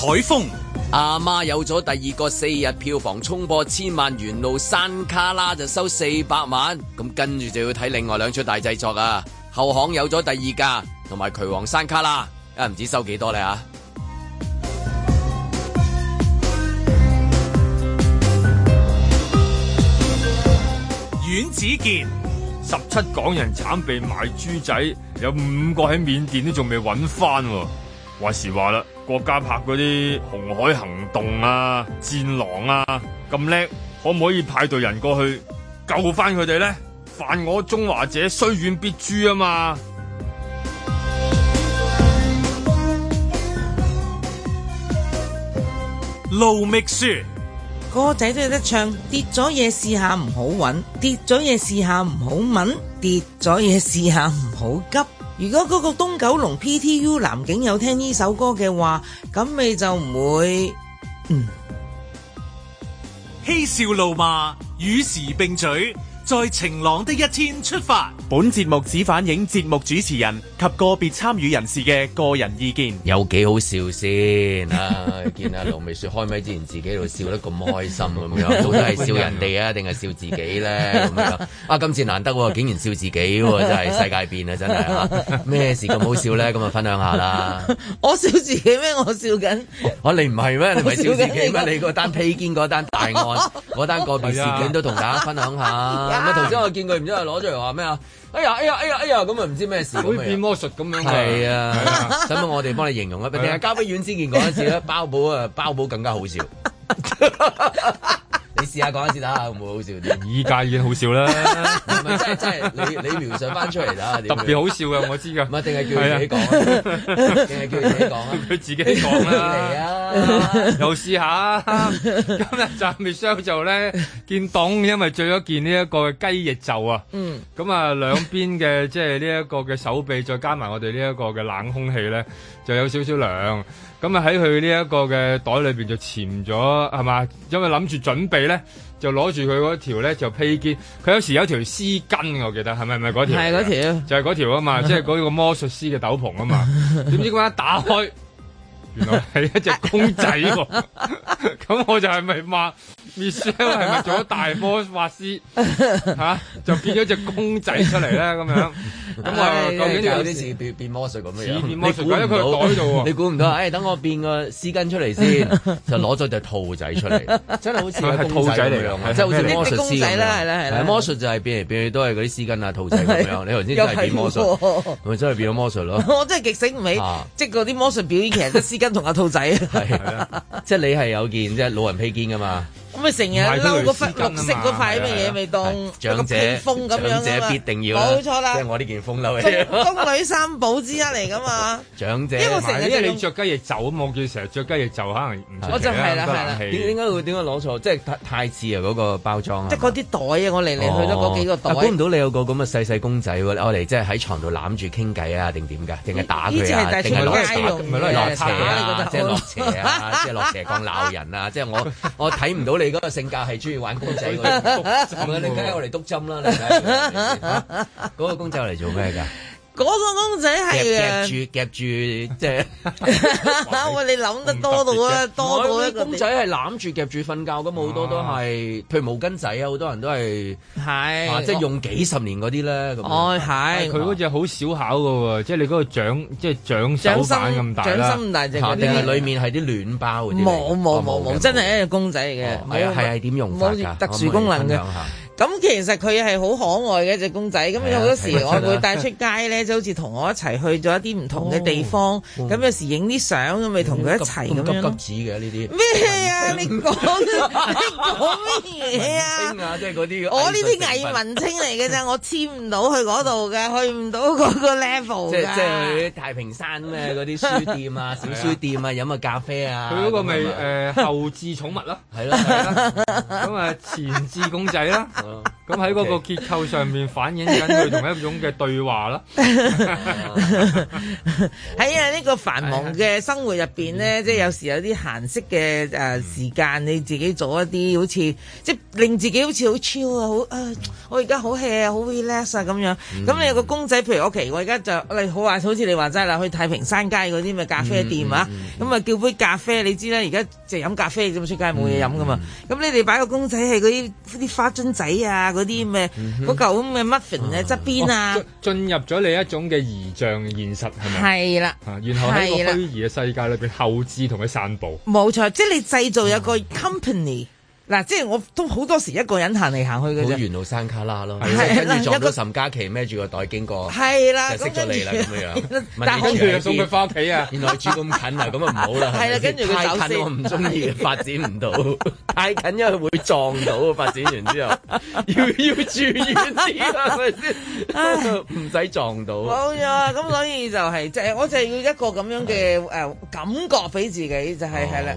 海風阿媽有咗第二個四日票房衝破千萬，元路山卡拉就收四百萬，咁跟住就要睇另外兩出大製作啊！後巷有咗第二架，同埋《渠王山卡拉》，啊唔知收幾多咧啊。阮子健十七港人慘被買豬仔，有五個喺緬甸都仲未揾翻，實話時話啦。國家拍嗰啲《紅海行動》啊，《戰狼》啊咁叻，可唔可以派隊人過去救翻佢哋呢？犯我中華者，雖遠必誅啊！嘛，路覓書歌仔都有得唱，跌咗嘢，試下唔好揾，跌咗嘢，試下唔好問，跌咗嘢，試下唔好急。如果嗰個東九龍 PTU 男警有聽呢首歌嘅話，咁你就唔會，嗯，嬉笑怒罵與時並舉。在晴朗的一天出發。本節目只反映節目主持人及個別參與人士嘅個人意見。有幾好笑先啊， 啊？見阿盧美雪開咪之前自己度笑得咁開心咁樣，到底係笑人哋啊，定係， 笑自己咧？咁樣啊，今次難得，竟然笑自己喎、啊，真係世界變啦，真係咩、啊、事咁好笑咧？咁啊，分享下啦。 我笑自己咩？我笑緊。我你唔係咩？你唔係笑，笑自己咩？ 你嗰單披肩嗰單大案嗰 單個別事件、 啊、都同大家分享下。頭先我見佢唔知係攞咗嚟話咩啊？哎呀哎呀哎呀哎呀咁啊！唔知咩事，好似變魔術咁樣。係啊，使乜我哋幫你形容啊？定係交俾袁之健嗰陣時咧？包保啊，包保更加好笑。 你試下講一次睇下， 會唔會好笑啲？依家已經好笑啦，唔係即係你你描述翻出嚟啊！特別好笑嘅，我知噶。唔係定係叫佢自己講啊？定係叫佢自己講啊？佢自己講啦。又試下、啊， 今日站面上就咧見凍，因為著咗件呢一個雞翼袖啊。嗯。咁啊，兩邊嘅即係呢一個嘅手臂，再加埋我哋呢一個嘅冷空氣咧，就有少少涼。咁啊喺佢呢一個嘅袋裏面就潛咗係嘛？因為諗住準備咧，就攞住佢嗰條咧就披肩。佢有時有條絲巾我記得係咪？係咪嗰條？係嗰條，就係嗰條啊嘛，即係嗰個魔術師嘅斗篷啊嘛。點 知咁一打開？ 原來係一隻公仔喎，咁我就係咪問 Michelle 係咪做咗大魔法師吓，就變咗隻公仔出嚟咧？咁樣咁啊，究竟有啲事變魔術咁樣？你變魔術搞喺佢袋度喎，你估唔到？等我變個絲巾出嚟先，就攞咗隻兔仔出嚟，真係好似個兔仔嚟樣，即係好似魔術師咁樣。係魔術就係變嚟變去都係嗰啲絲巾啊兔仔咁樣。你頭先就係變魔術，咪真係變咗魔術咯？我真係極醒唔起，即係嗰啲魔術表演其實都絲巾。同阿兔仔 係啊，係即係你係有件即係老人披肩㗎嘛？咁咪成日嬲個塊綠色嗰塊乜嘢咪當個長者風咁樣啊嘛！長者必定要、啊，冇錯啦，即係我呢件風褸、啊。宮女三寶之一嚟噶嘛？長者，因為，因為你着雞翼袖啊嘛，我成日着雞翼就可能唔我就係、是、啦，係啦、啊，點解、啊啊、會點解攞錯？即係太子啊！嗰、嗰個包裝，即係嗰啲袋啊！我嚟嚟去去、哦、都嗰幾個袋。估唔、啊、到你有個咁嘅細細公仔喎！我嚟即係喺床度攬住傾偈啊，定點㗎？定係打佢啊？定係攞佢打？咪攞嚟攞斜啊！斜啊！即係鬧人啊！即係我我睇唔到你。你嗰個性格係中意玩公仔嗰啲，我哋篤針啦！ 你嗰、 啊嗰個公仔嚟做咩㗎？ 嗰個公仔係啊，夾住夾住即係，喂你諗得多到啦，多到啲公仔係攬住夾住瞓覺咁，好多都係，譬如毛巾仔啊，好多人都係，係即係用幾十年嗰啲咧咁。哦，係，佢嗰隻好小巧㗎喎，即係你嗰個掌，即係掌掌心咁大，掌心咁大隻。定係裏面係啲暖包嗰啲？冇冇冇冇，真係一個公仔嚟嘅。係啊，係係點用法？特殊功能嘅。咁其實佢係好可愛嘅一隻公仔，咁好多時我會帶出街咧，就好似同我一齊去咗一啲唔同嘅地方，咁有時影啲相，咁咪同佢一齊咁樣。子嘅呢啲咩啊？你講你講咩嘢啊？青啊，即係嗰啲。我呢啲藝文青嚟嘅啫，我簽唔到去嗰度嘅，去唔到嗰個 level。即即係啲太平山咩嗰啲書店啊、小書店啊、飲下咖啡啊。佢嗰個咪誒後置寵物咯，係咯，係咁啊前置公仔啦。咁喺嗰個結構上面反映緊佢同一種嘅對話啦。喺啊呢、這個繁忙嘅生活入邊咧，mm hmm. 即係有時有啲閒適嘅誒時間，mm hmm. 你自己做一啲好似即係令自己好似好 chill 啊，好我而家好 hea 啊，好 relax 啊咁樣。咁、mm hmm. 你有個公仔，譬如我其我而家就好話，好似你話齋啦，去太平山街嗰啲咪咖啡店啊，咁啊、mm hmm. 叫杯咖啡，你知啦，而家就飲咖啡咁出街冇嘢飲噶嘛。咁、mm hmm. 你哋擺個公仔係嗰啲啲花樽仔。啊！嗰啲咩嗰嚿咁嘅 muffin 咧，側邊啊，進、啊哦、入咗你一種嘅擬像現實，係咪？係啦的、啊，然後喺個虛擬嘅世界裏邊的後置同佢散步。冇錯，即係你製造有個 company。啊嗱，即係我都好多時一個人行嚟行去嘅啫。好沿路山卡拉咯，跟住撞到岑嘉琪孭住個袋經過，係啦，就識咗你啦咁樣。但跟住送佢翻屋企啊！原來住咁近啊，咁啊唔好啦。係啦，跟住佢首太近，我唔中意發展唔到。太近因為會撞到，發展完之後要要注意啲啦，所以先唔使撞到。冇啊，咁所以就係即係我淨要一個咁樣嘅誒感覺俾自己，就係係啦，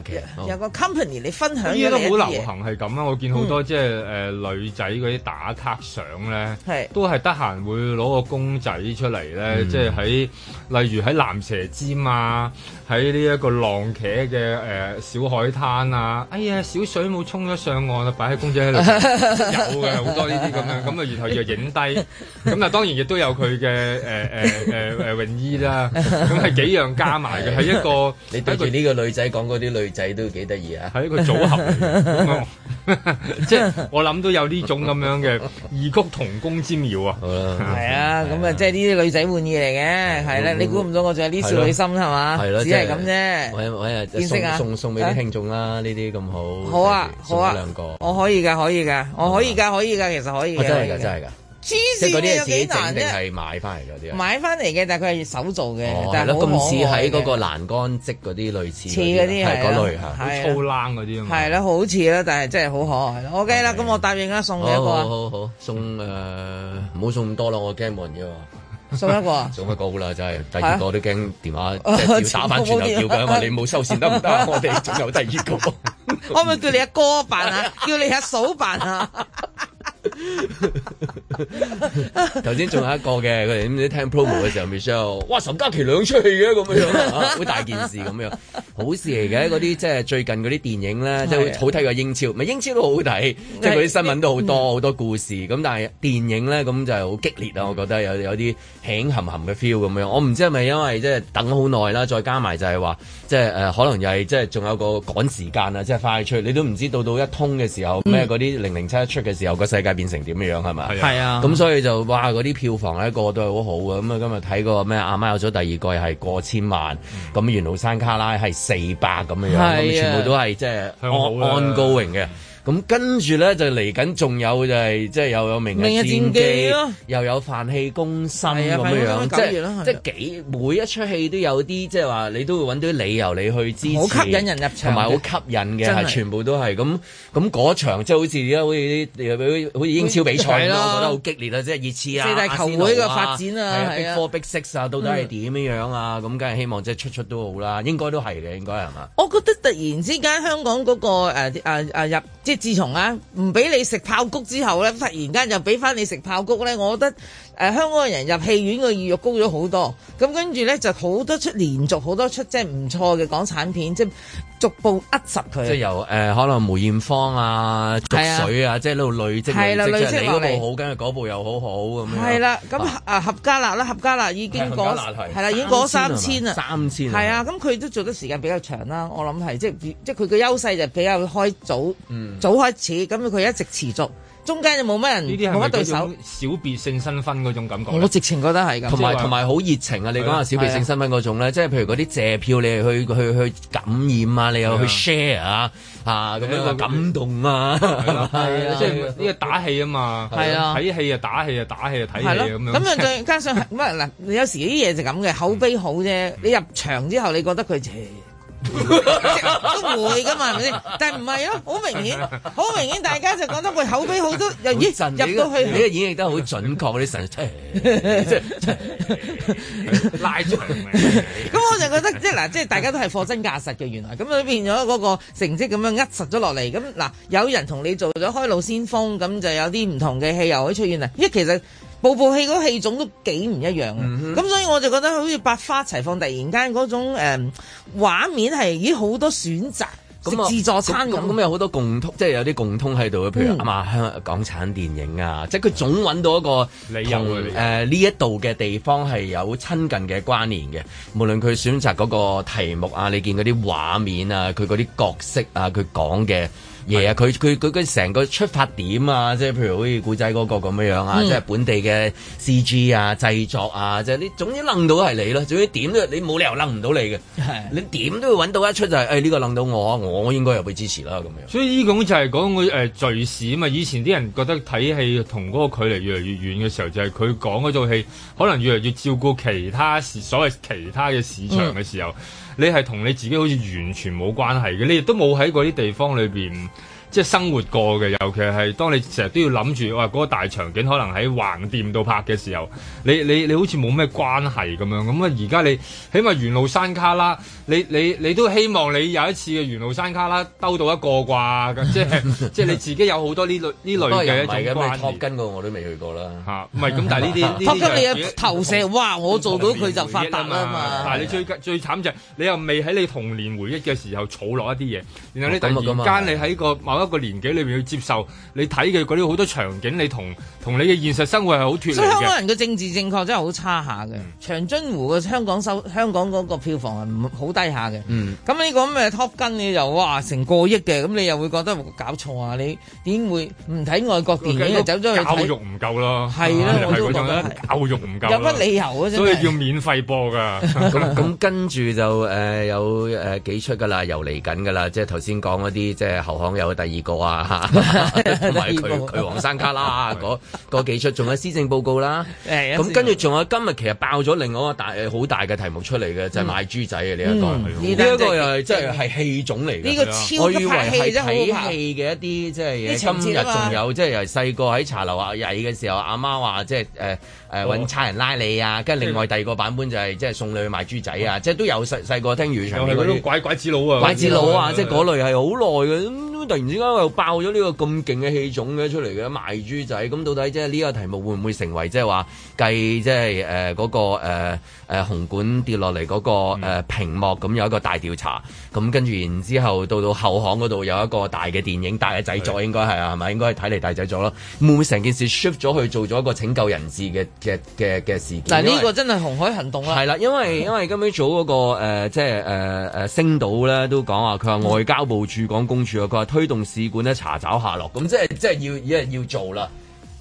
有個 company 你分享都好流行。係咁啊！我見好多即係誒女仔嗰啲打卡相咧，係是都係得閒會攞個公仔出嚟咧，嗯、即係喺例如喺蚺蛇尖啊，喺呢一個浪茄嘅誒、呃、小海灘啊，哎呀小水母沖咗上岸啦，擺喺公仔喺度， 有嘅好多呢啲咁樣，咁啊然後又影低，咁啊 當然亦都有佢嘅誒誒誒誒泳衣啦，咁係 幾樣加埋嘅，係 一個你對住呢個女仔講嗰啲女仔都幾得意啊，係一個組合。即係我諗都有呢種咁樣嘅異曲同工之妙啊，係啊，咁啊，即係呢啲女仔玩意嚟嘅，係啦，你估唔到我仲有呢少女心係嘛，只係咁啫，見識啊，送送俾啲聽眾啦，呢啲咁好，好啊，好啊，兩個，我可以噶，可以噶，我可以噶，可以噶，其實可以，真係噶，真係噶。即係嗰啲係自己整定係買翻嚟嗰啲啊？買翻嚟嘅，但係佢係手做嘅。係咯，咁似喺嗰個欄杆織嗰啲類似。似嗰啲啊，嗰類啊，好粗冷嗰啲啊嘛。係咯，好似咯，但係真係好可愛。OK 啦，咁我答應啦，送你一個啊。好好好，送誒，唔好送咁多咯，我驚冇人要啊。送一個啊。送一個好啦，真係。第二個都驚電話要打翻轉頭叫佢，因為你冇收線得唔得啊？我哋仲有第二個。可唔可以叫你阿哥辦啊？叫你阿嫂辦啊？頭先仲有一個嘅，佢哋啲聽 promo 嘅時候 ，Michelle，哇，岑嘉琪兩出戲嘅咁樣，好、啊、大件事咁樣，好事嚟嘅。嗰啲即係最近嗰啲電影咧， 即係好睇過英超，咪 英超都好睇， 即係嗰啲新聞都好多好 多故事。咁但係電影咧，咁就係、是、好激烈啊！ 我覺得有有啲輕含含嘅 feel 咁樣。我唔知係咪因為即係等咗好耐啦，再加埋就係話。即係誒、呃，可能又係即係仲有個趕時間啊，即係快出去，你都唔知到到一通嘅時候咩，嗰啲零零七一出嘅時候個世界變成點樣係嘛？係啊，咁所以就哇嗰啲票房咧、嗯、一個都係好好嘅，咁啊今日睇個咩阿媽有咗第二個係過千萬，咁、嗯嗯、緣路山旮旯係四百咁嘅樣，全部都係即係 on ongoing 嘅。咁跟住咧就嚟緊，仲有就係即係又有明日戰記咯，又有飯氣攻心咁樣樣，即係即幾每一出戲都有啲即係話，你都會搵到啲理由你去支持，好吸引人入場同埋好吸引嘅，全部都係咁咁嗰場，即係好似而家好似啲好似英超比賽，我覺得好激烈啊，即係熱刺啊，四大球會嘅發展啊，係啊，four 逼 six 啊，到底係點樣樣啊？咁梗係希望即係出出都好啦，應該都係嘅，應該係嘛？我覺得突然之間香港嗰個誒誒入。即係自從啊唔俾你食爆谷之後呢，忽然間又俾翻你食爆谷呢，我覺得。誒、呃、香港人入戲院嘅意欲高咗好多，咁跟住咧就好多出連續好多出即係唔錯嘅港產片，即係逐步扼實佢。即係由誒、呃、可能梅艷芳啊、水啊，係啊即係喺度累積，即係呢部好，跟住嗰部又好好咁。係啦，咁啊合家樂啦、啊啊，合家樂已經過咗，係啦，已經過三千啦，三千。係啊，咁佢都做得時間比較長啦，我諗係即係即係佢個優勢就比較開早，嗯、早開始，咁佢一直持續。中間就冇乜人，冇乜對手，小別勝新婚嗰種感覺。我直情覺得係咁。同埋同埋好熱情啊！你講下小別勝新婚嗰種咧，即係譬如嗰啲謝票你去去去感染啊，你又去 share 啊，啊咁樣個感動啊，係啊，即係呢個打氣啊嘛，係啊，睇戲啊打氣啊，打氣啊睇戲咁樣。咁樣再加上乜嗱？你有時啲嘢就咁嘅，口碑好啫。你入場之後，你覺得佢都會噶嘛，係咪先？但係唔係咯，好明顯，好明顯，大家就覺得佢口碑好多。又咦，入到去，你嘅演繹得好準確嗰啲神，即係即係拉長。咁我就覺得即係嗱，即係大家都係貨真價實嘅原來，咁啊變咗嗰個成績咁樣噏實咗落嚟。咁嗱，有人同你做咗開路先鋒，咁就有啲唔同嘅戲又可以出現啦。因為其實。部部戲嗰戲種都幾唔一樣，咁、嗯、哼所以我就覺得好似百花齊放，突然間嗰種誒、嗯、畫面係已經好多選擇，食自助餐咁，咁有好多共通，即係有啲共通喺度譬如、嗯、啊嘛香港、港產電影啊，即係佢總揾到一個理由誒呢一度嘅地方係有親近嘅關聯嘅，無論佢選擇嗰個題目啊，你見嗰啲畫面啊，佢嗰啲角色啊，佢講嘅。嘢啊！佢佢佢佢成個出發點啊，即係譬如好似古仔嗰個咁樣樣啊，嗯、即係本地嘅 C G 啊、製作啊，即係你總之掕到係你咯、啊，總之點都你冇理由掕唔到你嘅。係是的 你點都要揾到一出就係誒呢個掕到我，我應該入去支持啦、啊、咁樣。所以呢種就係講佢誒敘事。啊嘛。以前啲人覺得睇戲同嗰個距離越嚟越遠嘅時候，就係、是、佢講嗰套戲可能越嚟越照顧其他所謂其他嘅市場嘅時候。嗯你係同你自己好似完全冇關係嘅，你亦都冇喺嗰啲地方裏面。即係生活過嘅，尤其係當你成日都要諗住哇嗰、嗰個大場景可能喺橫店度拍嘅時候，你你你好似冇咩關係咁樣。咁啊而家你起碼沿路山卡啦，你你你都希望你有一次嘅沿路山卡啦兜到一個啩，即係 即係你自己有好多呢類呢 類嘅。唔係咁，托根我都未去過啦。唔係咁，但係呢啲你嘅投射，哇！我做到佢就發達啦嘛。嘛但你最的最慘就係你又未喺你童年回憶嘅時候儲落一啲嘢，然後你突然間你喺個一個年紀裏邊去接受你睇嘅嗰啲好多場景，你同同你嘅現實生活係好脫離嘅。所以香港人嘅政治正確真係好差下嘅。長津湖嘅香港收香港個票房係唔好低下嘅。咁呢個咁嘅 Top Gun 你又哇成個億嘅，咁你又會覺得搞錯啊？你點會唔睇外國電影走咗去睇。教育唔夠咯，係啦，我都覺得教育唔夠。有乜理由啊？所以要免費播噶。咁跟住就誒有誒幾出噶啦，又嚟緊噶啦，即係頭先講嗰啲，即係後巷有第。二哥啊，同埋佢佢黃山卡啦，嗰幾出，仲有施政報告啦。咁跟住仲有今日其實爆咗另外一個大好大嘅題目出嚟嘅，就係賣豬仔嘅呢一個，呢一個又係即係係戲種嚟嘅。呢個我以為係睇戲，即係好嘅一啲，即係今日仲有即係細個喺茶樓啊曳嘅時候，阿媽話即係誒。誒，揾差人拉你啊，跟住另外第二個版本就係即係送你去賣豬仔啊，嗯、即係都有細細個聽現場嗰啲拐拐子佬啊，拐子佬啊，即係嗰類係好耐嘅，突然之間又爆咗呢個咁勁嘅戲種嘅出嚟嘅賣豬仔，咁到底即係呢個題目會唔會成為即係話計即係誒嗰個、呃誒、呃、紅館跌落嚟嗰個、嗯呃、屏幕咁有一個大調查，咁跟住然之後到到後巷嗰度有一個大嘅電影大嘅製作應該係啊，係咪是的 應該睇嚟大製作咯？會唔會成件事 shift 咗去做咗一個拯救人質嘅嘅嘅嘅事件？嗱，呢個真係紅海行動啊為！係啦，因為因為今朝早嗰個、呃、即係誒誒星島咧都講話，佢話外交部駐港公署啊，佢話 推動使館咧查找下落，咁即係即係要要做啦。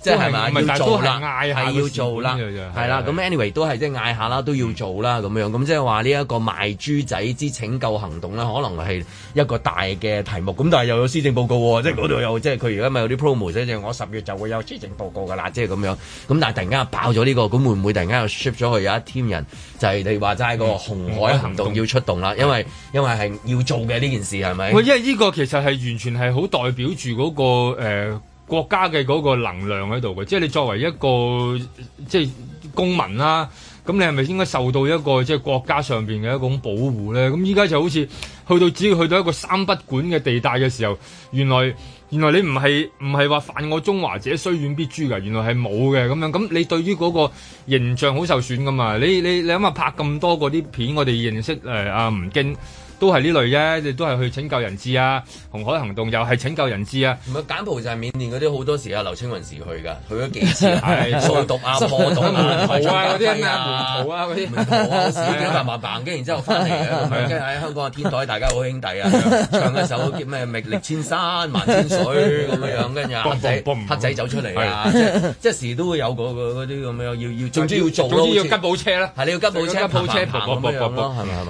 即係咪？要做啦，係要做啦，係啦。咁 anyway 都係即係嗌下啦，都要做啦咁樣。咁即係話呢一個賣豬仔之拯救行動啦，可能係一個大嘅題目。咁但係又有施政報告喎，即係嗰度有即係佢而家咪有啲 promo 啫，我十月就會有施政報告㗎啦，即係咁樣。咁但係突然間爆咗呢個，咁會唔會突然間又 shift 咗去有一添人就係你話齋個個紅海行動要出動啦？因為因為係要做嘅呢件事係咪？喂，因為呢個其實係完全係好代表住嗰個誒國家嘅嗰個能量喺度嘅，即係你作為一個即係公民啦、啊，咁你係咪應該受到一個即係國家上邊嘅一種保護咧？咁依家就好似去到只要去到一個三不管嘅地帶嘅時候，原來原來你唔係唔係話犯我中華者雖遠必誅㗎，原來係冇嘅咁樣。咁你對於嗰個形象好受損㗎嘛？你你你諗下拍咁多嗰啲片，我哋認識誒阿吳京。呃啊都係呢類啫，你都係去拯救人質啊！紅海行動又係拯救人質啊！唔係柬埔寨係緬甸嗰啲好多時啊，劉青雲時去㗎，去咗幾次啊，掃毒啊、破毒啊、迷途啊嗰啲啊，迷途啊嗰啲，忙忙忙，跟然之後翻嚟嘅咁樣，跟喺香港嘅天台，大家好兄弟啊，唱一首叫咩？力千山萬千水咁樣樣，跟住黑仔黑仔走出嚟啊，即即時都會有嗰個嗰啲咁樣要要，總之要做，總之要吉普車啦，你要吉普車行咁樣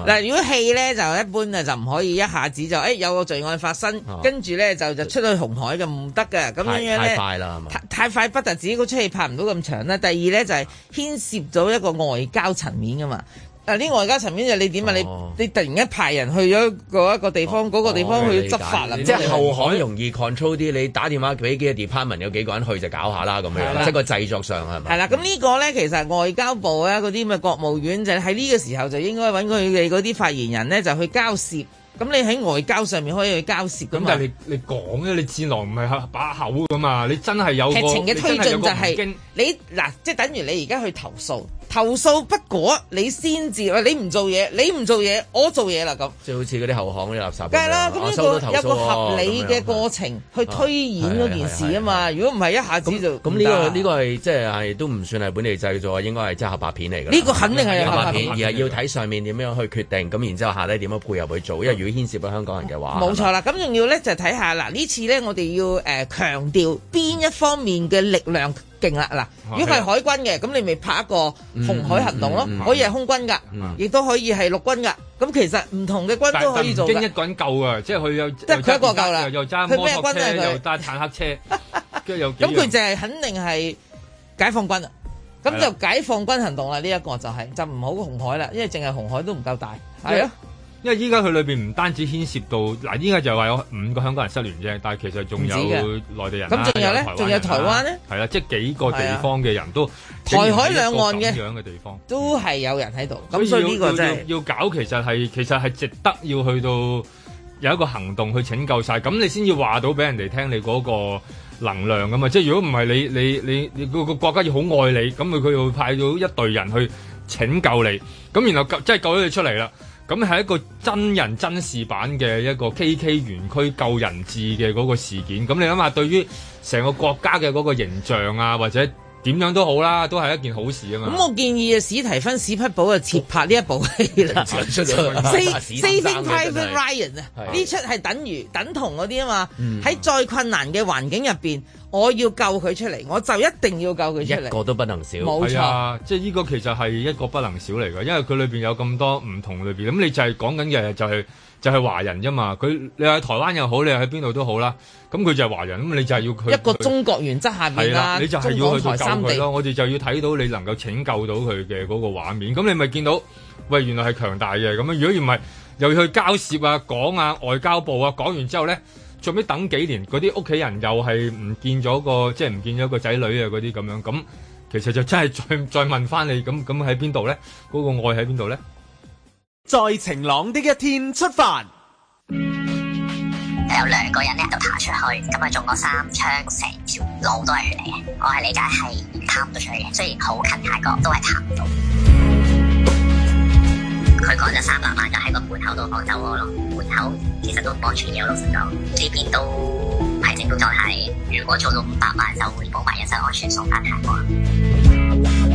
嗱，如果戲咧就一般。就唔可以一下子就誒、欸、有個罪案發生，啊、跟住咧就就出去紅海嘅唔得嘅，咁太樣樣咧太快啦，係太，嘛太快不但止嗰出戲拍唔到咁長啦，第二咧就係、是、牽涉到一個外交層面噶嘛。嗱，呢外交層面就你點啊？你、哦、你突然一派人去咗嗰一個地方，嗰、哦、個地方去執法啦，哦、即係後海容易 control 啲。你打電話俾幾個 department 有幾個人去就搞下啦，咁樣的即係個製作上係咪？係啦，咁呢個咧其實外交部呀嗰啲咪國務院就喺呢個時候就應該揾佢哋嗰啲發言人咧就去交涉。咁你喺外交上面可以去交涉。咁但係你你講嘅，你戰狼唔係把口噶嘛？你真係有劇情嘅推進就係、是、你嗱、啊，即係等於你而家去投訴。投訴不果，你先至話你唔做嘢，你唔做嘢，我做嘢啦咁。即係好似嗰啲後巷嗰啲垃圾。梗係啦，咁一個,個合理嘅過程去推演嗰、啊、件事啊嘛。如果唔係一下子就咁呢、呢個呢、呢個係即係都唔算係本地製作，應該係即係合拍片嚟㗎。呢個肯定係合拍片，法法而係要睇上面點樣去決定，咁然之後下呢點樣配合去做，因為如果牽涉到香港人嘅話，冇、嗯、吧錯、就是、看看啦。咁仲要咧就睇下嗱呢次咧，我哋要誒、呃、強調邊一方面嘅力量。勁啦嗱，如果佢係海軍嘅，咁你咪拍一個紅海行動咯。可以係空軍噶，亦都可以係陸軍噶。咁其實唔同嘅軍都可以做噶。但係淨一個人夠啊，即係佢有即係佢一個夠啦。又揸摩托車，又揸坦克車。咁佢就係肯定係解放軍啦。咁就解放軍行動啦。呢一個就係就唔好紅海啦，因為淨係紅海都唔夠大。係啊。因為依家佢裏面唔單止牽涉到嗱，依家就話有五個香港人失聯啫，但係其實仲有內地人咁、啊、仲有仲、啊、有台灣咧，係啦，即係幾個地方嘅人都、啊、台海兩岸嘅咁樣嘅地方，都係有人喺度。咁、嗯、所以呢個真、就是、要，要，要搞其，其實係其實係值得要去到有一個行動去拯救晒。咁你先至話到俾人哋聽你嗰個能量㗎嘛。即係如果唔係你你你你，你，你、你個國家要好愛你，咁佢佢會派到一隊人去拯救你，咁然後即係救咗你出嚟啦。咁係一個真人真事版嘅一個 KK 園區救人質嘅嗰個事件，咁你諗下，對於成個國家嘅嗰個形象啊，或者？點樣都好啦，都係一件好事啊嘛！咁我建議啊史提芬史匹堡啊，切拍呢一部戲啦，《Saving Private Ryan》啊，呢出係等於等同嗰啲啊嘛，喺、嗯、再困難嘅環境入邊，我要救佢出嚟，我就一定要救佢出嚟，一個都不能少，冇錯，即係呢個其實係一個不能少嚟㗎，因為佢裏邊有咁多唔同裏邊，咁你就係講緊嘅就係、是。就係華人啫嘛，佢你喺台灣又好，你喺邊度都好啦，咁佢就係華人，咁你就係要佢。一個中國原則下面啦，你就要去去救佢咯，我哋就要睇到你能夠拯救到佢嘅嗰個畫面，咁你咪見到，喂，原來係強大嘅，咁如果唔係又要去交涉啊講啊外交部啊講完之後咧，最尾等幾年嗰啲屋企人又係唔見咗個即係唔見咗個仔女啊嗰啲咁樣，咁其實就真係再再問翻你，咁咁喺邊度咧？嗰個愛喺邊度咧？在晴朗的一天出發，有兩個人咧就爬出去，咁啊中過三槍，成條路都係血嚟嘅。我係理解係爬唔到出去嘅，雖然好近泰國，但係都係爬唔到。佢講咗三百萬，就喺個門口度放走我咯，門口其實都唔安全嘅，老實講呢邊都係政府作。係，如果做到五百萬，就會保埋人身安全送返泰國。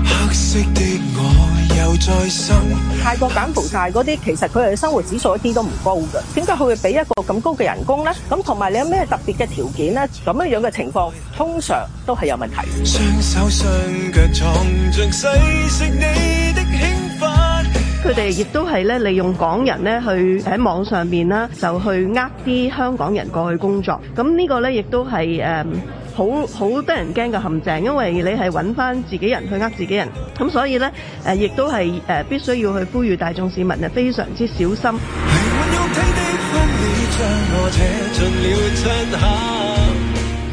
黑色的我又再生，泰國柬埔寨嗰啲，其實佢哋生活指數一啲都唔高㗎，點解佢會俾一個咁高嘅人工呢？咁同埋你有咩特別嘅條件呢？咁樣樣嘅情況通常都係有問題。雙手雙腳藏着細聲你的興奮，佢哋亦都係咧利用港人咧去喺網上面啦，就去呃啲香港人過去工作。咁呢個咧亦都係誒。嗯好好得人驚嘅陷阱，因為你係揾翻自己人去呃自己人，咁所以咧、呃、亦都係、呃、必須要去呼籲大眾市民啊，非常之小心。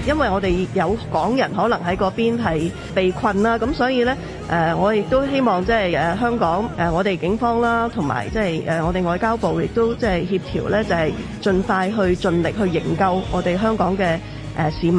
因為我哋有港人可能喺嗰邊係被困啦，咁所以咧、呃、我亦都希望即係、呃、香港、啊、我哋警方啦，同埋即係我哋外交部亦都即係協調咧，就係、是、盡快去盡力去營救我哋香港嘅。呃、市民，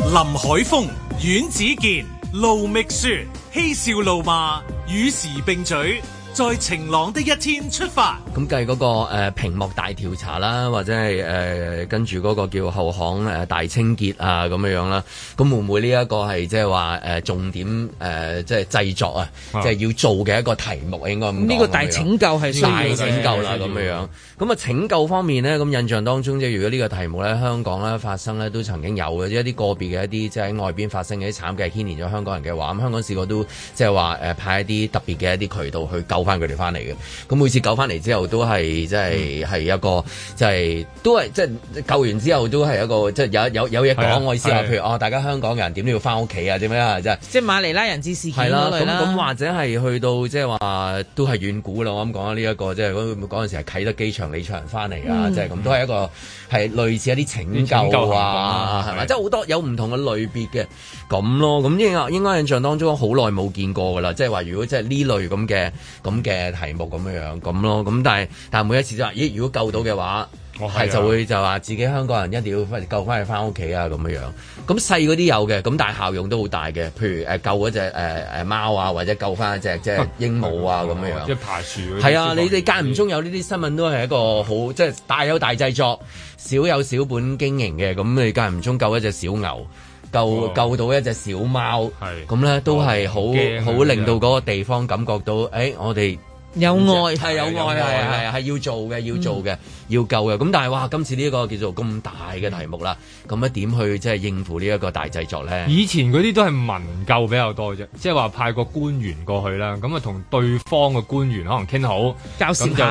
林海峰、阮子健、盧覓雪，嬉笑怒罵，與時並嘴。在晴朗的一天出發，咁計嗰個誒、呃、屏幕大調查啦，或者係誒、呃、跟住嗰個叫後巷誒、呃、大清潔啊咁樣樣啦。咁會唔會呢一個係即係話誒重點誒即係製作啊，即係要做嘅一個題目應該咁。呢、嗯這個大拯救係需要大拯救啦咁樣樣。咁啊拯救方面咧，咁印象當中即係如果呢個題目咧，香港咧發生咧都曾經有嘅一啲個別嘅一啲即係喺外邊發生嘅啲慘劇牽連咗香港人嘅話咁、嗯、香港試過都即係話誒派一啲特別嘅一啲渠道去救。救翻佢哋翻嚟嘅，咁每次救翻嚟之後都係，即係係一個，即係都係即係救完之後都係一個，即係有有有嘢講。我意思話，譬如哦，大家香港人點都要翻屋企啊？點樣啊？即係即係馬尼拉人質事件咁類啦，咁咁或者係去到即係話都係遠古啦。我諗講呢一個即係嗰陣時係啟德機場，你出人翻嚟啊，即係咁都係一個係類似一啲拯救啊，係嘛？即係好多有唔同嘅類別嘅咁咯。咁應該應該印象當中好耐冇見過噶啦，即係話如果即係呢類咁嘅。咁嘅題目咁樣樣咁咯，咁但係但係每一次都話，咦？如果救到嘅話，係、哦啊、就會就話自己香港人一定要救翻去翻屋企啊咁樣樣。咁細嗰啲有嘅，咁但效用都好大嘅。譬如誒救嗰隻誒貓啊，或者救翻一隻即係鸚鵡啊咁樣樣。啊、即係爬樹嗰啲，係啊，你哋間唔中有呢啲新聞都係一個好，即係、啊、大有大製作，少有小本經營嘅。咁你間唔中救一隻小牛。救救到一隻小貓，咁咧、哦、都係好好令到嗰個地方感覺到，誒、欸，我哋。有愛係有愛係要做嘅要做嘅、嗯、要救嘅，咁，但係哇，今次呢個個叫做咁大嘅題目啦，咁一點去即係應付呢一個大製作咧？以前嗰啲都係民救比較多啫，即係話派個官員過去啦，咁啊同對方嘅官員可能傾好交線就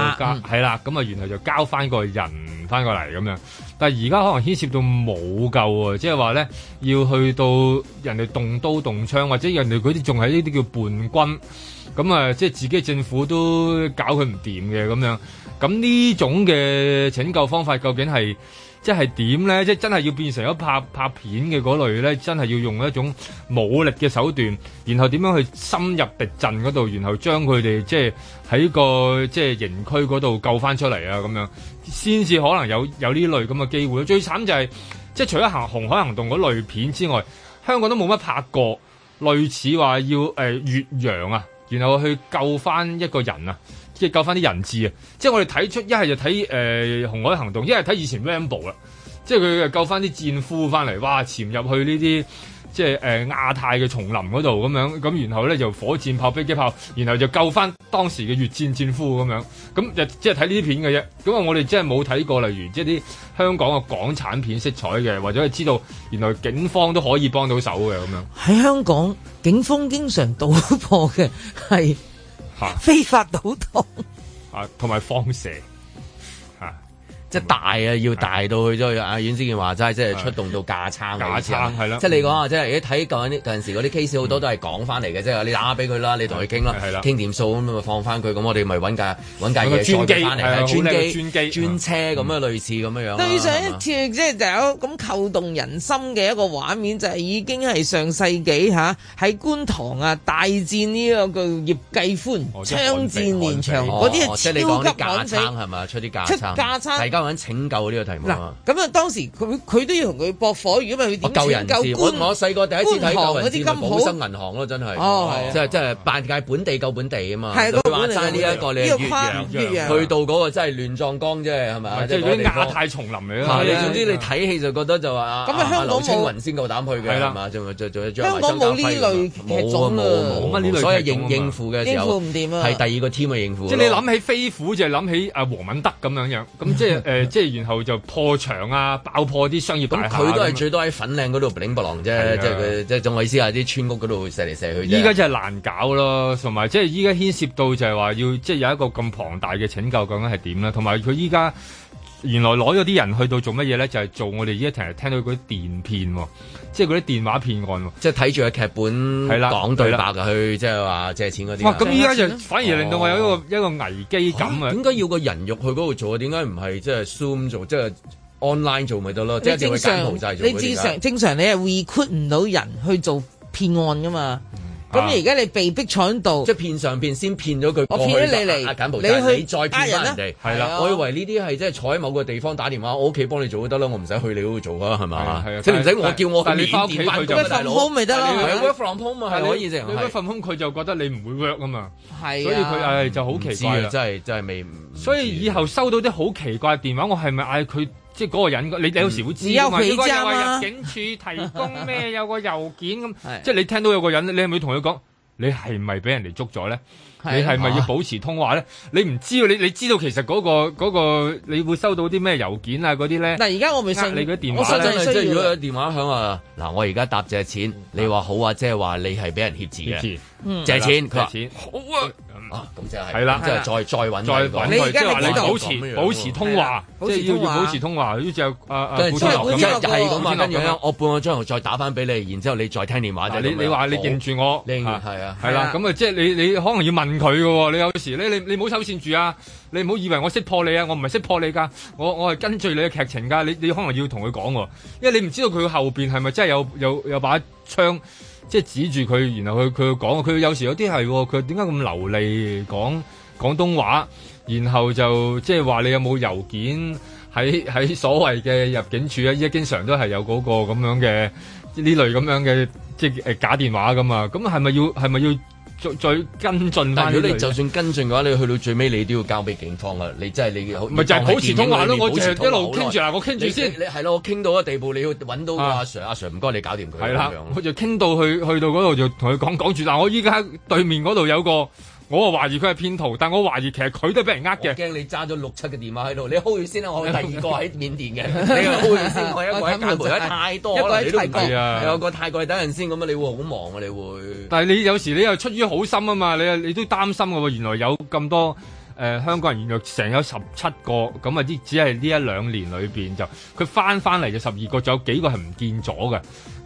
係啦，咁啊然後就交翻個人翻過嚟咁樣。但而家可能牽涉到冇救啊，即係話咧要去到人哋動刀動槍，或者人哋嗰啲仲係呢啲叫叛軍。咁啊，即係自己政府都搞佢唔掂嘅咁樣，咁呢種嘅拯救方法究竟係即係點咧？即係真係要變成咗拍拍片嘅嗰類咧，真係要用一種武力嘅手段，然後點樣去深入敵陣嗰度，然後將佢哋即係喺個即係營區嗰度救翻出嚟啊，咁樣先至可能有有呢類咁嘅機會。最慘就係即係除咗行紅海行動嗰類片之外，香港都冇乜拍過類似話要誒越洋啊。然後去救翻一個人啊，即係救翻啲人質啊，即係我哋睇出一係就睇誒紅海行動，一係睇以前 Rambo 啦，即係佢又救翻啲戰俘翻嚟，哇！潛入去呢啲。即係誒、呃，亞太嘅叢林嗰度咁樣，咁然後咧就火箭炮、飛機炮，然後就救翻當時嘅越戰戰俘咁樣，咁就即係睇呢啲片嘅啫。咁啊，我哋真係冇睇過，例如即係啲香港嘅港產片色彩嘅，或者係知道原來警方都可以幫到手嘅咁樣。喺香港，警方經常搗破嘅係非法賭檔，啊，啊，同埋放蛇。即係大啊，要大到去咗。阿阮志健話齋，即係出動到架撐，架撐係啦。即係你講啊，即係睇舊陣時嗰啲 case 好多都係講翻嚟嘅，即係你打俾佢啦，你同佢傾啦，傾掂數咁咪放翻佢。咁我哋咪揾架揾架嘢再翻嚟，專機、專車咁樣類似咁樣樣。對上一次即係就有咁扣動人心嘅一個畫面，就已經係上世紀吓，喺觀塘啊大戰呢個叫葉繼歡，槍戰連場，嗰啲係超級架撐係咪出啲架架講救呢個題目咁啊，當時佢佢都要同佢駁火，如果唔係佢救人、救官。我我細個第一次睇救人啲金寶生銀行咯，真係。哦，即係即係八界本地救本地啊嘛。係。佢話齋呢一個你越洋，越洋去到嗰個真係亂葬崗啫，係咪？即係嗰啲亞太叢林咁，你總之你睇戲就覺得就話咁。香港青雲先夠膽去嘅，係香港冇呢類劇種，所以應應付嘅應付唔掂啊。係第二個 team 應付。即係你諗起飛虎就諗起阿黃敏德咁樣樣，咁即係。誒、呃，即係然後就破牆啊，爆破啲商業咁、嗯，佢都係最多喺粉嶺嗰度擰布郎啫，即係即係仲可以試下啲村屋嗰度射嚟射去。依家真係難搞咯，同埋即係依家牽涉到就係話要即係有一個咁龐大嘅拯救究竟係點啦？同埋佢依家原來攞咗啲人去到做乜嘢咧？就係、是、做我哋依家成日聽到嗰啲電騙喎。即係嗰啲電話騙案喎，即係睇住個劇本講對，了對白啊，去了即係話借錢嗰啲。哇！咁依家就反而令到我有一個、哦、一個危機感啊！點解、欸、要個人肉去嗰度做啊？點解唔係即係 Zoom 做，即係 online 做咪得咯？即係正常，你你正常你係 recruit 唔到人去做騙案噶嘛？嗯咁而家你被逼坐到即係騙上騙先騙咗佢，我騙咗你嚟，你去再騙人哋，係啦。我以為呢啲係即係坐喺某個地方打電話，我屋企幫你做都得啦，我唔使去你嗰度做啦，係嘛？係啊，即唔使我叫我，你翻屋企做，大佬。你搵份工咪得咯，work from home 嘛，係可以啫。你搵份工，佢就覺得你唔會 work 啊嘛，所以佢係就好奇怪，真係真係未。所以以後收到啲好奇怪電話，我係咪嗌佢？即係嗰個人，你有時會知啊嘛？話入境處提供咩，有個郵件咁。即係你聽到有個人，你係咪同佢講你係咪俾人哋捉咗咧？你係咪要保持通話咧？你唔知你你知道其實嗰個你會收到啲咩郵件啊嗰啲咧？但，而家我未信你嘅電話咧。即係如果有電話響啊，嗱，我而家答借錢，你話好啊，即係話你係俾人脅持嘅，借錢佢話好啊。咁就係，係啦，就係再再再再揾，即係話你保持保持通話，好似要要保持通話於是啊啊，半個咁樣，我半個鐘頭再打翻俾你，然之後你再聽電話，你你話你認住我，係啊係啦，咁啊即係你你可能要問佢㗎，你有時咧你你唔好收線住啊，你唔好以為我識破你啊，我唔係識破你噶，我我係根據你嘅劇情噶，你你可能要同佢講，因為你唔知道佢後邊係咪真係有有有把槍。即係指住佢，然後佢佢講，佢有時有啲係，佢點解咁流利講廣東話？然後就即係話你有冇郵件喺喺所謂嘅入境處呀？依家經常都係有嗰個咁樣嘅呢類咁樣嘅即係假電話咁嘛，咁係咪要係咪要？是最最跟進，但如果你就算跟進嘅話，你去到最尾你都要交俾警方㗎。你真係你好，唔係就係保持通話咯，我一路傾住啦，我傾住先，你係咯，我傾到個地步你要搵到阿 Sir，、啊、阿 Sir 唔該你搞掂佢。係啦的，樣我就傾到去，去到嗰度就同佢講講住嗱，我依家對面嗰度有個。我啊懷疑佢係騙徒，但我懷疑其實佢都係俾人呃嘅。驚你揸咗六七個電話喺度，你 hold 住先啦、啊，我第二個喺緬甸嘅， 你 hold 住先、啊，我一個 一個揀。太多啦、啊，你都唔會啊，有個泰國等陣先咁你會好忙啊，你會。但係你有時你又出於好心啊嘛，你你都擔心嘅喎，原來有咁多誒、呃、香港人原來成有十七個咁啊，啲只係呢一兩年裏邊就佢翻翻嚟就十二個，仲有幾個係唔見咗嘅。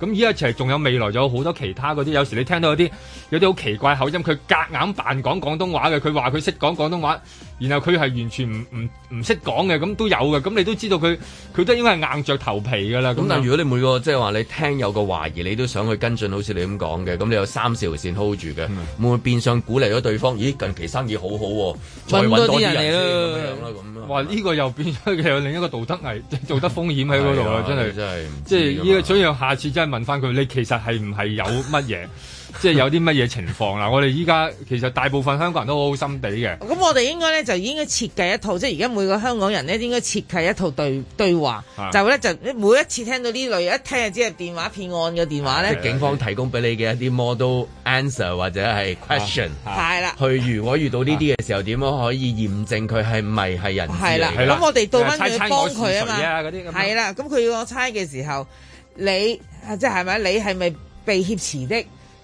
咁依家其實仲有未來，仲有好多其他嗰啲，有時你聽到有啲有啲好奇怪口音，佢夾硬扮講廣東話嘅，佢話佢識講廣東話，然後佢係完全唔唔唔識講嘅，咁都有嘅。咁你都知道佢佢都應該係硬着頭皮㗎啦。咁但係如果你每個即係話你聽有個懷疑，你都想去跟進，好似你咁講嘅，咁你有三四條線 hold 住嘅，會唔會變相鼓勵咗對方？咦，近期生意好好，再搵多啲人。咁啦，咁。哇！呢個又變咗又有另一個道德危，道德風險喺嗰度真係。真係。即係依個，所以下次真係。問翻佢，你其實係唔係有乜嘢？ 即係有啲乜嘢情況啦？我哋依家其實大部分香港人都好好心地嘅。咁我哋應該咧就應該設計一套，即係而家每個香港人咧應該設計一套對對話，的就咧就每一次聽到呢類一聽就知係電話騙案嘅電話咧，警方提供俾你嘅一啲 model answer 或者係 question 係啦、啊。佢如果遇到呢啲嘅時候，點、啊、樣可以驗證佢係咪係人的？係啦，咁我哋到翻去幫佢啊嘛。係啦，咁佢要我猜嘅時候，你。啊！即係咪你係咪被挾持的？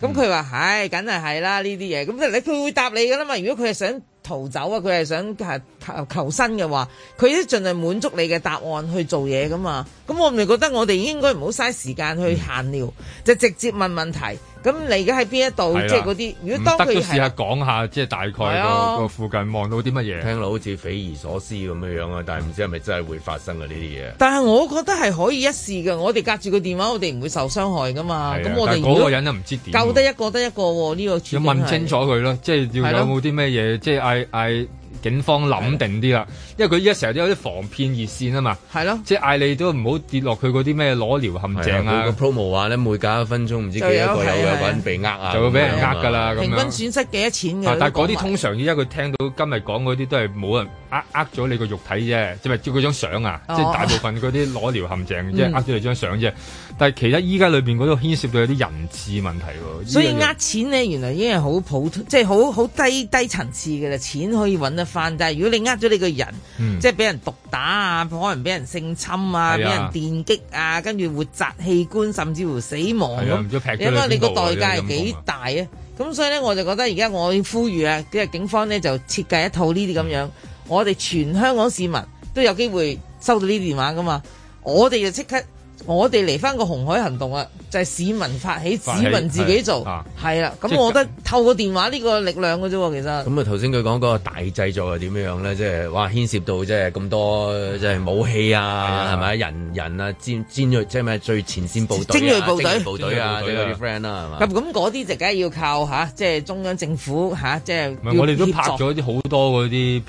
咁佢話唉，梗係係啦呢啲嘢。咁你佢會答你噶啦嘛？如果佢係想逃走啊，佢係想求求生嘅話，佢都盡量滿足你嘅答案去做嘢噶嘛。咁我咪覺得我哋應該唔好嘥時間去閒聊，嗯、就直接問問題。咁你而家喺邊一度？的即係嗰啲，如果當佢得，試下講下，即係大概個的附近望到啲乜嘢，聽落好似匪夷所思咁樣樣啊！但係唔知係咪真係會發生嘅呢啲嘢？但係我覺得係可以一試嘅。我哋隔住個電話，我哋唔會受傷害噶嘛。咁的我哋個人唔知點救得一個得一個呢個處。要問清楚佢咯，即係要有冇啲咩嘢，的即係嗌嗌。I, I, 警方諗定啲啦，的因為佢依家成日都有啲防騙熱線啊嘛，係咯的，即係嗌你都唔好跌落去嗰啲咩裸聊陷阱啊，個 promo 啊，咧每隔一分鐘唔知幾多個有嗰陣被呃啊，樣就會俾人呃㗎啦，的樣平均損失幾多錢嘅？但係嗰啲通常依家佢聽到今日講嗰啲都係冇人呃呃咗你個肉體啫，即、就、係、是、照嗰張相啊，即係、哦、大部分嗰啲裸聊陷阱，即係呃咗你張相啫。但係其實依家裏邊嗰度牽涉到有啲人質問題喎，所以呃錢呢，原來已經係好普通，即係好好低低層次嘅啦，錢可以揾得。但係如果你呃咗你個人，嗯、即係俾人毒打啊，可能俾人性侵啊，俾人電擊啊，跟住活摘器官，甚至乎死亡咁，你個你個代價係幾大啊？咁所以咧，我就覺得而家我要呼籲啊，即係警方咧就設計一套呢啲咁樣，嗯、我哋全香港市民都有機會收到呢啲電話㗎嘛，我哋就即刻。我哋嚟翻個紅海行動啊，就係市民發起，市民自己做，係啦。咁我覺得透過電話呢個力量嘅啫，其實。咁啊，頭先佢講嗰個大製作係點樣呢，咧？即係哇，牽涉到即係咁多即係武器啊，係咪？人人啊，尖尖即係咩？最前線部隊、精銳部隊、部隊啊，啲 friend 啊，係嘛？咁咁嗰啲就梗係要靠嚇，即係中央政府嚇，即係。唔係，我哋都拍咗啲好多嗰啲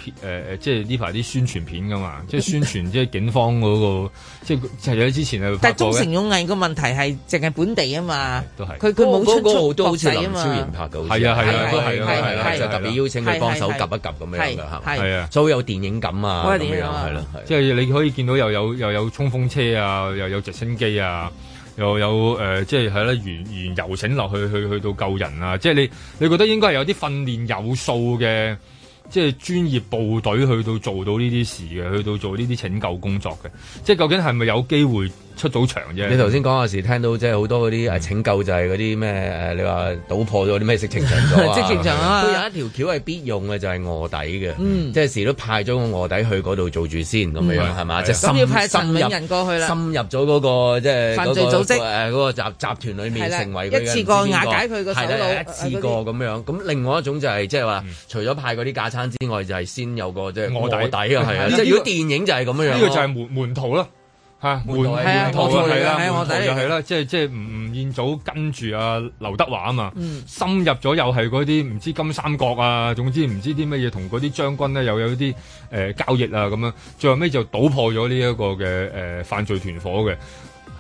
即係呢排啲宣傳片噶嘛，即係宣傳即係警方嗰個，即係係喺之前但係忠誠勇毅個問題係淨係本地啊嘛，都係佢佢冇出到，好似啊嘛，超然拍嘅，係啊係啊，係啊係啊，就特別邀請佢幫手及一及咁樣係啊，所以、啊、有電影感啊咁對樣係、嗯、啦，即係、就是、你可以見到又有又有，有，有衝鋒車啊，又有，有直升機啊，又有即係係啦，原原游艇落去去去到救人啊，即、就、係、是、你你覺得應該係有啲訓練有素嘅即係專業部隊去到做到呢啲事嘅，去到做呢啲拯救工作嘅，即係究竟係咪有機會？出賭場啫，你頭先講嗰時聽到即係好多嗰啲誒拯救就係嗰啲咩你話倒破咗啲咩？色情場咗啊！色情場啊！都有一條橋係必用嘅，就係臥底嘅。嗯，即係時都派咗個臥底去嗰度做住先咁樣樣係嘛？即係要派深入人過去啦，深入咗嗰個即係犯罪組織嗰個集集團裡面成為一次過瓦解佢個首腦，一次過咁樣。咁另外一種就係即係話，除咗派嗰啲假餐之外，就係先有個即係臥底嘅係。即係如果電影就係咁樣呢個就係門徒啦。係，門徒係啦，門徒就係、是、啦，即係即係吳吳彥祖跟住阿劉德華啊嘛，嗯、深入咗又係嗰啲唔知金三角啊，總之唔知啲乜嘢同嗰啲將軍咧、啊、又有啲誒、呃、交易啊咁樣，最後尾就搗破咗呢一個嘅誒、呃、犯罪團伙嘅，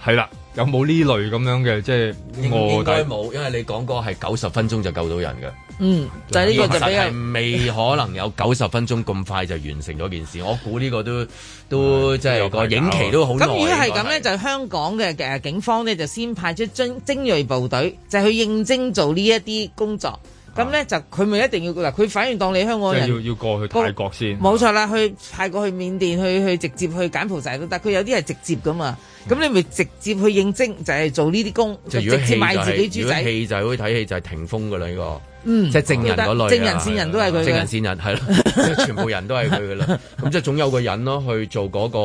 係啦、啊，有冇呢類咁樣嘅，即係應該冇，因為你講過係九十分鐘就救到人嘅。嗯，就係、是、呢、這個就係未可能有九十分鐘咁快就完成咗件事。 我估呢個都、嗯、都即係個影期都好耐咁、嗯、如果係咁咧，就香港嘅誒警方咧就先派出精精鋭部隊，就去應徵做呢一啲工作。咁咧、啊、就佢咪一定要嗱？佢反而當你香港人，要要過去泰國先，冇錯啦。去派過去緬甸去去直接去柬埔寨都得，但佢有啲係直接噶嘛。咁、嗯、你咪直接去應徵就係、是、做呢啲工，就、就是、直接賣自己豬仔。如果氣就睇、是、氣就係停風噶啦呢個。嗯，即係正人嗰類，證人線人都係佢，證人線人係咯，即係全部人都係佢噶啦。咁即係總有個人咯，去做嗰個，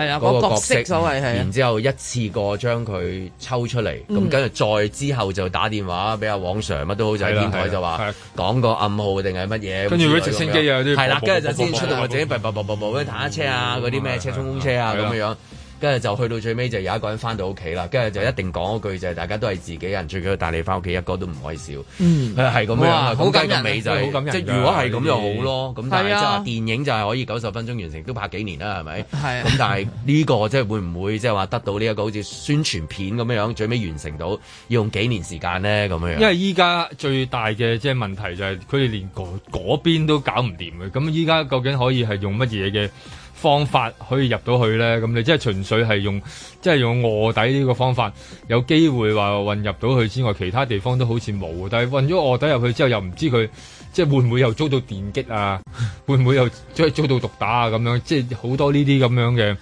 係啊，嗰個角色所謂係。然之後一次過將佢抽出嚟，咁跟住再之後就打電話俾阿王 Sir，乜都好，就喺天台就話講個暗號定係乜嘢。跟住如果直升機啊啲，係啦，跟住就先出動，或者啲嘣嘣嘣嘣嘣彈車啊嗰啲咩車衝鋒車啊咁樣樣。跟住就去到最尾就有一個人翻到屋企啦，跟住就一定講一句就係、大家都係自己人，最緊要帶你翻屋企，一個都唔可以笑。嗯，係咁樣啊，好哇樣感人尾即好。就是、如果係咁就好咯。咁的但係即的電影就係可以九十分鐘完成，都拍幾年啦，係咪？咁的但係呢個即係會唔會即係話得到呢、這個、一個好似宣傳片咁樣最尾完成到要用幾年時間呢？咁樣。因為依家最大嘅即係問題就係佢哋連嗰邊都搞唔掂嘅，咁依家究竟可以係用乜嘢嘅？方法可以入到去呢，咁你即係純粹係用，即係用臥底呢個方法有機會話運入到去之外，其他地方都好似冇，但係運咗臥底入去之後，又唔知佢即係會唔會又遭到電擊啊，會唔會又即係遭到毒打啊咁樣，即係好多呢啲咁樣嘅。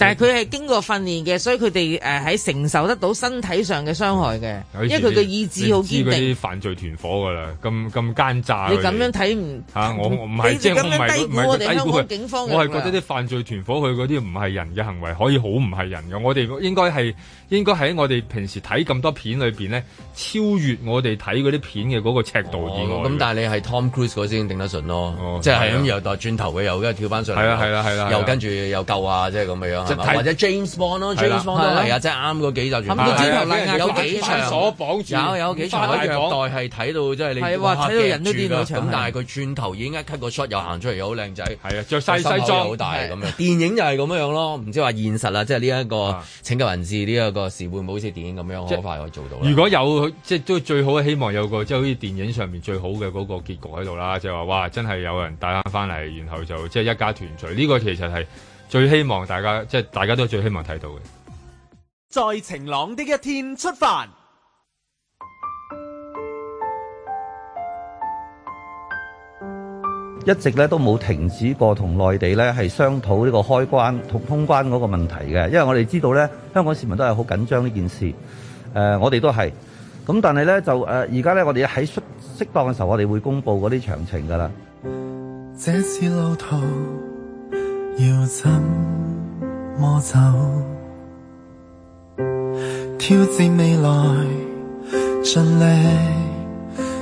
但係佢係經過訓練嘅，所以佢哋誒喺承受得到身體上嘅傷害嘅，因為佢嘅意志好堅定。知嗰啲犯罪團伙㗎喇，咁咁奸詐。你咁樣睇唔、啊、我我唔係，即係低估我哋香港警方。我係覺得啲犯罪團伙佢嗰啲唔係人嘅行為，可以好唔係人嘅。我哋應該係。應該喺我哋平時睇咁多片裏面咧，超越我哋睇嗰啲片嘅嗰個尺度。咁但係你係 Tom Cruise 嗰先定得順咯，即係咁又轉頭嘅又跟住跳翻上嚟，係啦係啦係啦，又跟住又救啊，即係咁嘅樣，或者 James Bond 咯，James Bond 都係啊，即係啱嗰幾集，有幾長鎖綁住，有有幾長係睇到即係你，睇到人都癲咗。咁但係佢轉頭已經刻個 shot 又行出嚟又好靚仔，係啊，著西西裝，好大咁樣。電影又係咁樣樣咯，唔知話現實啦，即係呢一個拯救人質呢一個。時會唔會好似電影咁樣好即快可以做到？如果有，即係都最好，希望有個即係好似電影上面最好嘅嗰個結局喺度啦，就話哇，真係有人帶翻翻嚟，然後就即係一家團聚。呢個其實係最希望大家，即係大家都最希望睇到嘅。在晴朗的一天出發。一直咧，都冇停止過同內地咧，係商討呢個開關同通關嗰個問題嘅，因為我哋知道咧，香港市民都係好緊張呢件事，誒、呃，我哋都係，咁但係咧就誒而家咧我哋喺適適當嘅時候我哋會公布嗰啲詳情噶啦。這是路途，要怎麼走？挑戰未來，盡力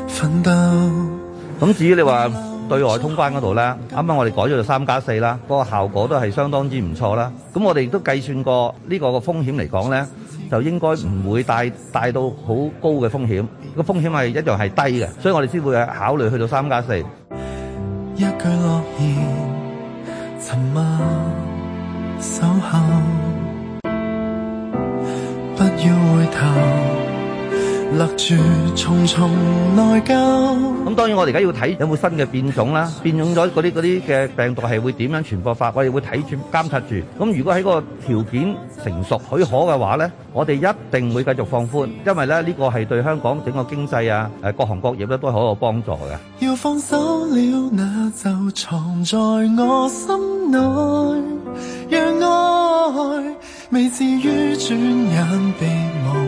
奮鬥，咁至於你話。對外通關嗰度咧，啱啱我哋改咗做三加四啦，嗰個效果都係相當之唔錯啦。咁我哋亦都計算過呢個個風險嚟講咧，就應該唔會帶帶到好高嘅風險，個風險係一樣係低嘅，所以我哋先會考慮去到三加四。勒住重重內疚。咁當然，我哋而家要睇有冇新嘅變種啦，變種咗嗰啲啲嘅病毒係會點樣傳播法，我哋會睇住監察住。咁如果喺嗰個條件成熟許可嘅話呢，我哋一定會繼續放寬，因為咧呢、呢個係對香港整個經濟啊，各行各業咧都好有個幫助嘅。要放手了，那就藏在我心內，讓愛未至於轉眼被忘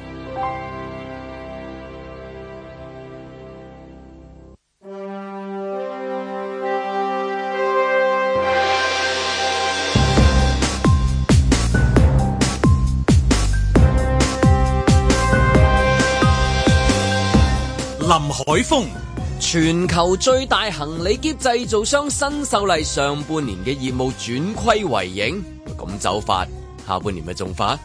全球最大行李箧製造商新秀麗上半年嘅業務轉虧為盈，咁走法下半年咪仲發？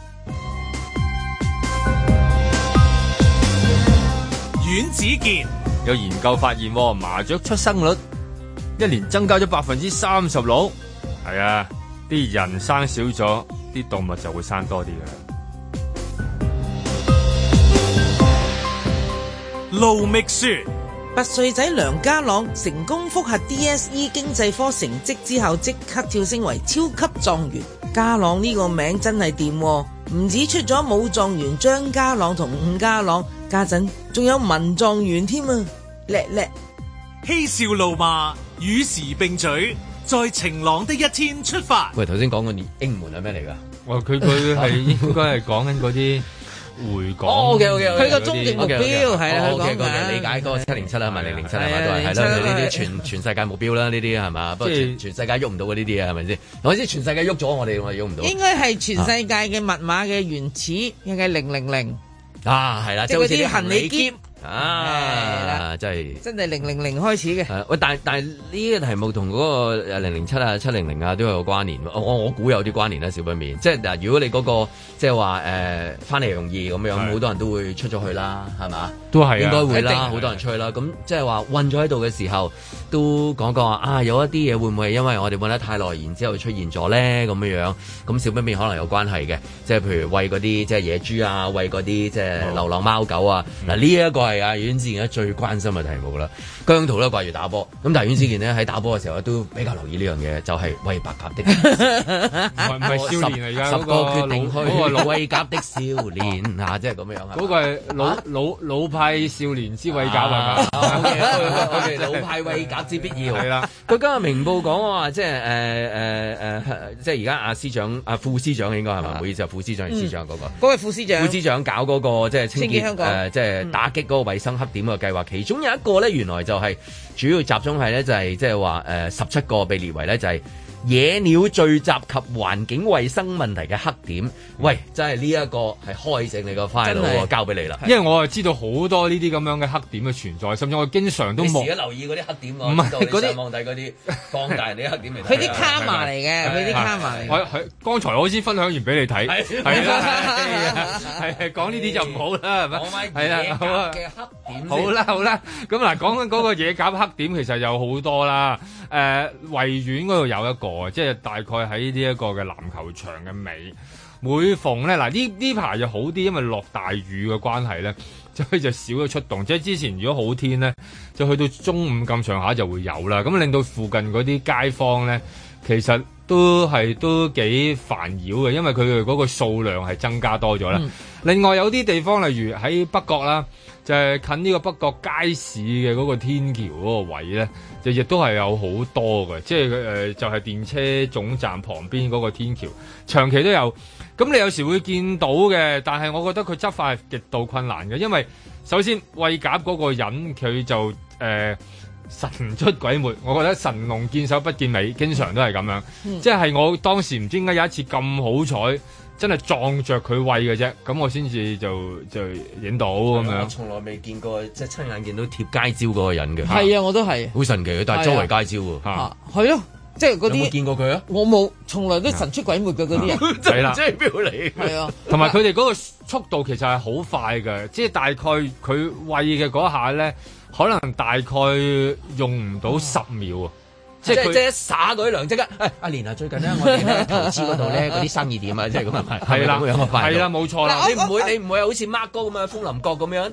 阮子健有研究發現，麻雀出生率一年增加咗百分之三十六，係啊，啲人生少咗，啲動物就會生多啲。路面說，八歲仔梁家朗成功覆核 DSE 經濟科成績之後，即刻跳升為超級狀元。家朗呢個名真係掂、啊，唔止出咗武狀元張家朗同伍家朗，家陣仲有文狀元添啊！叻叻，嬉笑怒罵與時並舉，在晴朗的一天出發。喂，頭先講嘅英門係咩嚟噶？佢佢係應該係講緊嗰啲。回港，佢個終極目標係，係理解嗰個七零七啦，同埋零零七係咪都係啦？呢啲全全世界目標啦，呢啲係嘛？不過全世界喐唔到嘅，呢啲啊，係咪先？或者全世界喐咗，我哋我喐唔到。應該係全世界嘅密碼嘅原始應該係零零零啊，係啦，即係嗰啲行李啊，的就是，真係真係零零零開始嘅。喂、啊，但但呢個題目同嗰個零零七啊、七零零啊都有關聯。我我我估有啲關聯啦、啊，小不面。即係嗱，如果你、嗰個，即係話誒翻嚟容易咁樣，好的多人都會出咗去啦，係咪啊？都係，應該會啦，好多人出去啦。咁即係話韫咗喺度嘅時候，都講過話啊，有一啲嘢會唔會係因為我哋韫得太耐，然之後出現咗咧咁樣樣，咁小不面可能有關係嘅，即、就、係、是、譬如餵嗰啲即係野豬啊，餵嗰啲即係流浪貓狗啊。嗱呢一個。係啊，阮志健咧最關心嘅題目啦。姜濤咧掛住打波，咁但係阮志健呢喺打波嘅時候都比較留意呢樣嘢，就係喂白鴿的，唔係少年嚟㗎，十個決定區嗰老喂鴿的少年啊，即係咁樣啊。嗰個係老老老派少年之喂鴿係咪？OK OK，老派喂鴿之必要。佢今日明報講話，即係即而家阿司長、副司長應該係咪？唔好意思副司長定司長嗰個？副司長。副司長搞嗰個即係清潔，即係打擊個衛生黑點嘅計劃，其中有一個咧，原來就係主要集中係咧，就係即係話誒，十、呃、七個被列為咧就係、是。野鳥聚集及環境衛生問題嘅黑點，喂，真係呢、這個、一個係開正你個 file，交俾你啦。因為我係知道好多呢啲咁樣嘅黑點嘅存在，甚至我經常都望。你而家留意嗰啲黑點，唔係嗰啲望底嗰啲放大你黑點嚟。佢啲 卡埋嚟嘅，佢啲、啊、卡埋。我我剛才我先分享完俾你睇，係啦的，講呢啲就唔好啦，係咪？係啦，嘅黑點好。好啦好啦，咁嗱、 啊，講緊嗰個野鴿黑點，其實有好多啦。誒、呃，維園嗰度有一個。即係大概喺呢一個嘅籃球場嘅尾，每逢咧嗱呢呢排就好啲，因為落大雨嘅關係咧，就佢就少咗出動。即係之前如果好天咧，就去到中午咁上下就會有啦。咁令到附近嗰啲街坊咧，其實都係都幾煩擾嘅，因為佢哋嗰個數量係增加多咗啦。嗯、另外有啲地方，例如喺北角啦，就係、是、近呢個北角街市嘅嗰個天橋嗰個位咧。亦都係有好多嘅，即係、呃、就係、是、電車總站旁邊嗰個天橋，長期都有。咁你有時會見到嘅，但係我覺得佢執法係極度困難嘅，因為首先餵鴿嗰個人佢就誒、呃、神出鬼沒，我覺得神龍見首不見尾，經常都係咁樣。嗯、即係我當時唔知點解有一次咁好彩。真係撞着佢餵嘅啫，咁我先至就就影到咁樣。從來未見過，即係親眼見到貼街招嗰個人嘅。係啊，我都係。好神奇嘅，但係周圍街招喎。吓，係咯，即係嗰啲。有冇見過佢啊？我冇，從來都神出鬼沒嘅嗰啲人。係啦，即係邊個嚟？係啊，同埋佢哋嗰個速度其實係好快嘅，即係大概佢餵嘅嗰下咧，可能大概用唔到十秒啊。即係即係一耍啲糧即刻，阿連啊，最近咧我哋喺投資嗰度咧嗰啲生意點啊？即係咁樣，係啦，咁係啦，冇錯啦，你唔會你唔會好似 Mark 哥咁樣，楓林閣咁樣，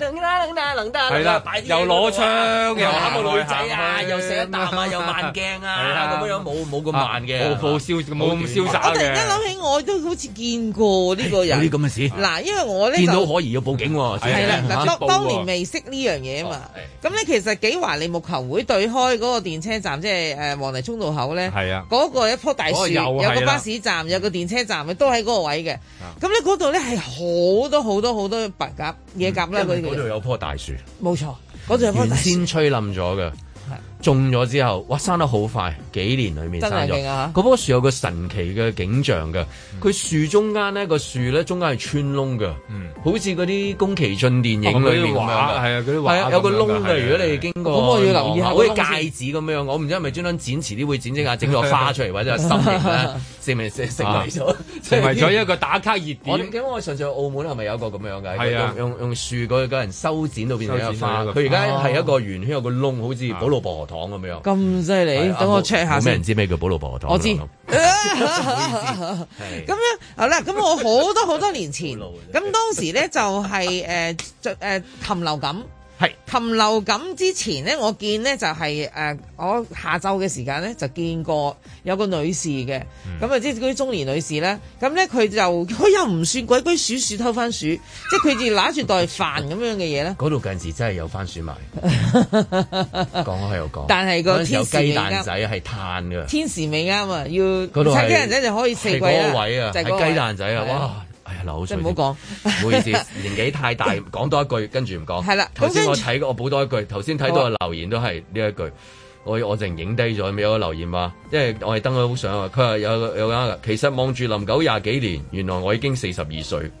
能得能又攞槍，又打個女仔啊，又射彈啊，又慢鏡啊，咁樣樣冇冇咁慢嘅，冇咁瀟灑。我突然間諗起，我都好似見過呢個人。咁嘅事，嗱，因為我咧到可以要報警喎，當年未識呢樣嘢啊嘛，咁咧其實幾華你木球會對開嗰個電車站，即係誒黃泥涌道口咧，嗰、嗰個一樖大樹，個有個巴士站，有個電車站，都喺嗰個位嘅。咁咧嗰度咧係好多好多好多白鴿、野鴿啦，嗰啲。嗰度有樖大樹，冇錯，嗰度有樖大樹。先吹冧咗嘅。種咗之後，哇生得好快！幾年裏面生咗。嗰棵樹有個神奇嘅景象嘅，佢樹中間呢個樹咧中間係穿窿嘅，好似嗰啲宮崎駿電影嗰啲畫，係啊，有個窿嘅。如果你經過，咁我要留意下好似戒指咁樣。我唔知係咪專登剪遲啲會剪整下整個花出嚟，或者十年成為咗成為咗一個打卡熱點。咁我上次去澳門係咪有個咁樣嘅？係啊，用用樹嗰嗰人修剪到變成一個花。佢而家係一個圓圈，有個窿，好似保羅薄荷糖講嘅咩？咁犀利，等、啊、我 check 下先。冇人知咩叫保老婆，我知。咁樣好啦，咁我好多好 多年前，咁當時咧 就係誒誒禽流感。禽流感之前咧，我見咧就係、是、誒、啊，我下晝嘅時間咧就見過有個女士嘅，咁啊、嗯、即係嗰啲中年女士咧，咁咧佢就佢又唔算鬼鬼鼠鼠偷番薯，嗯、即係佢哋拿住袋飯咁樣嘅嘢咧。嗰度近時真係有番薯賣，講喺度講。但係個天時未啱，係嘆嘅。天時未啱啊，要雞蛋仔就可以四個位啊，就係雞蛋仔啊，的哇！哎呀，老水，唔好講，唔好意思， 年紀太大，講多一句，跟住唔講。係啦的，頭先我睇，我補多一句，頭先睇到嘅留言都係呢一句，喂我我淨影低咗，未有咗留言話，因為我係登咗好想啊，佢話有有啊，其實望住林九廿幾年，原來我已經四十二歲。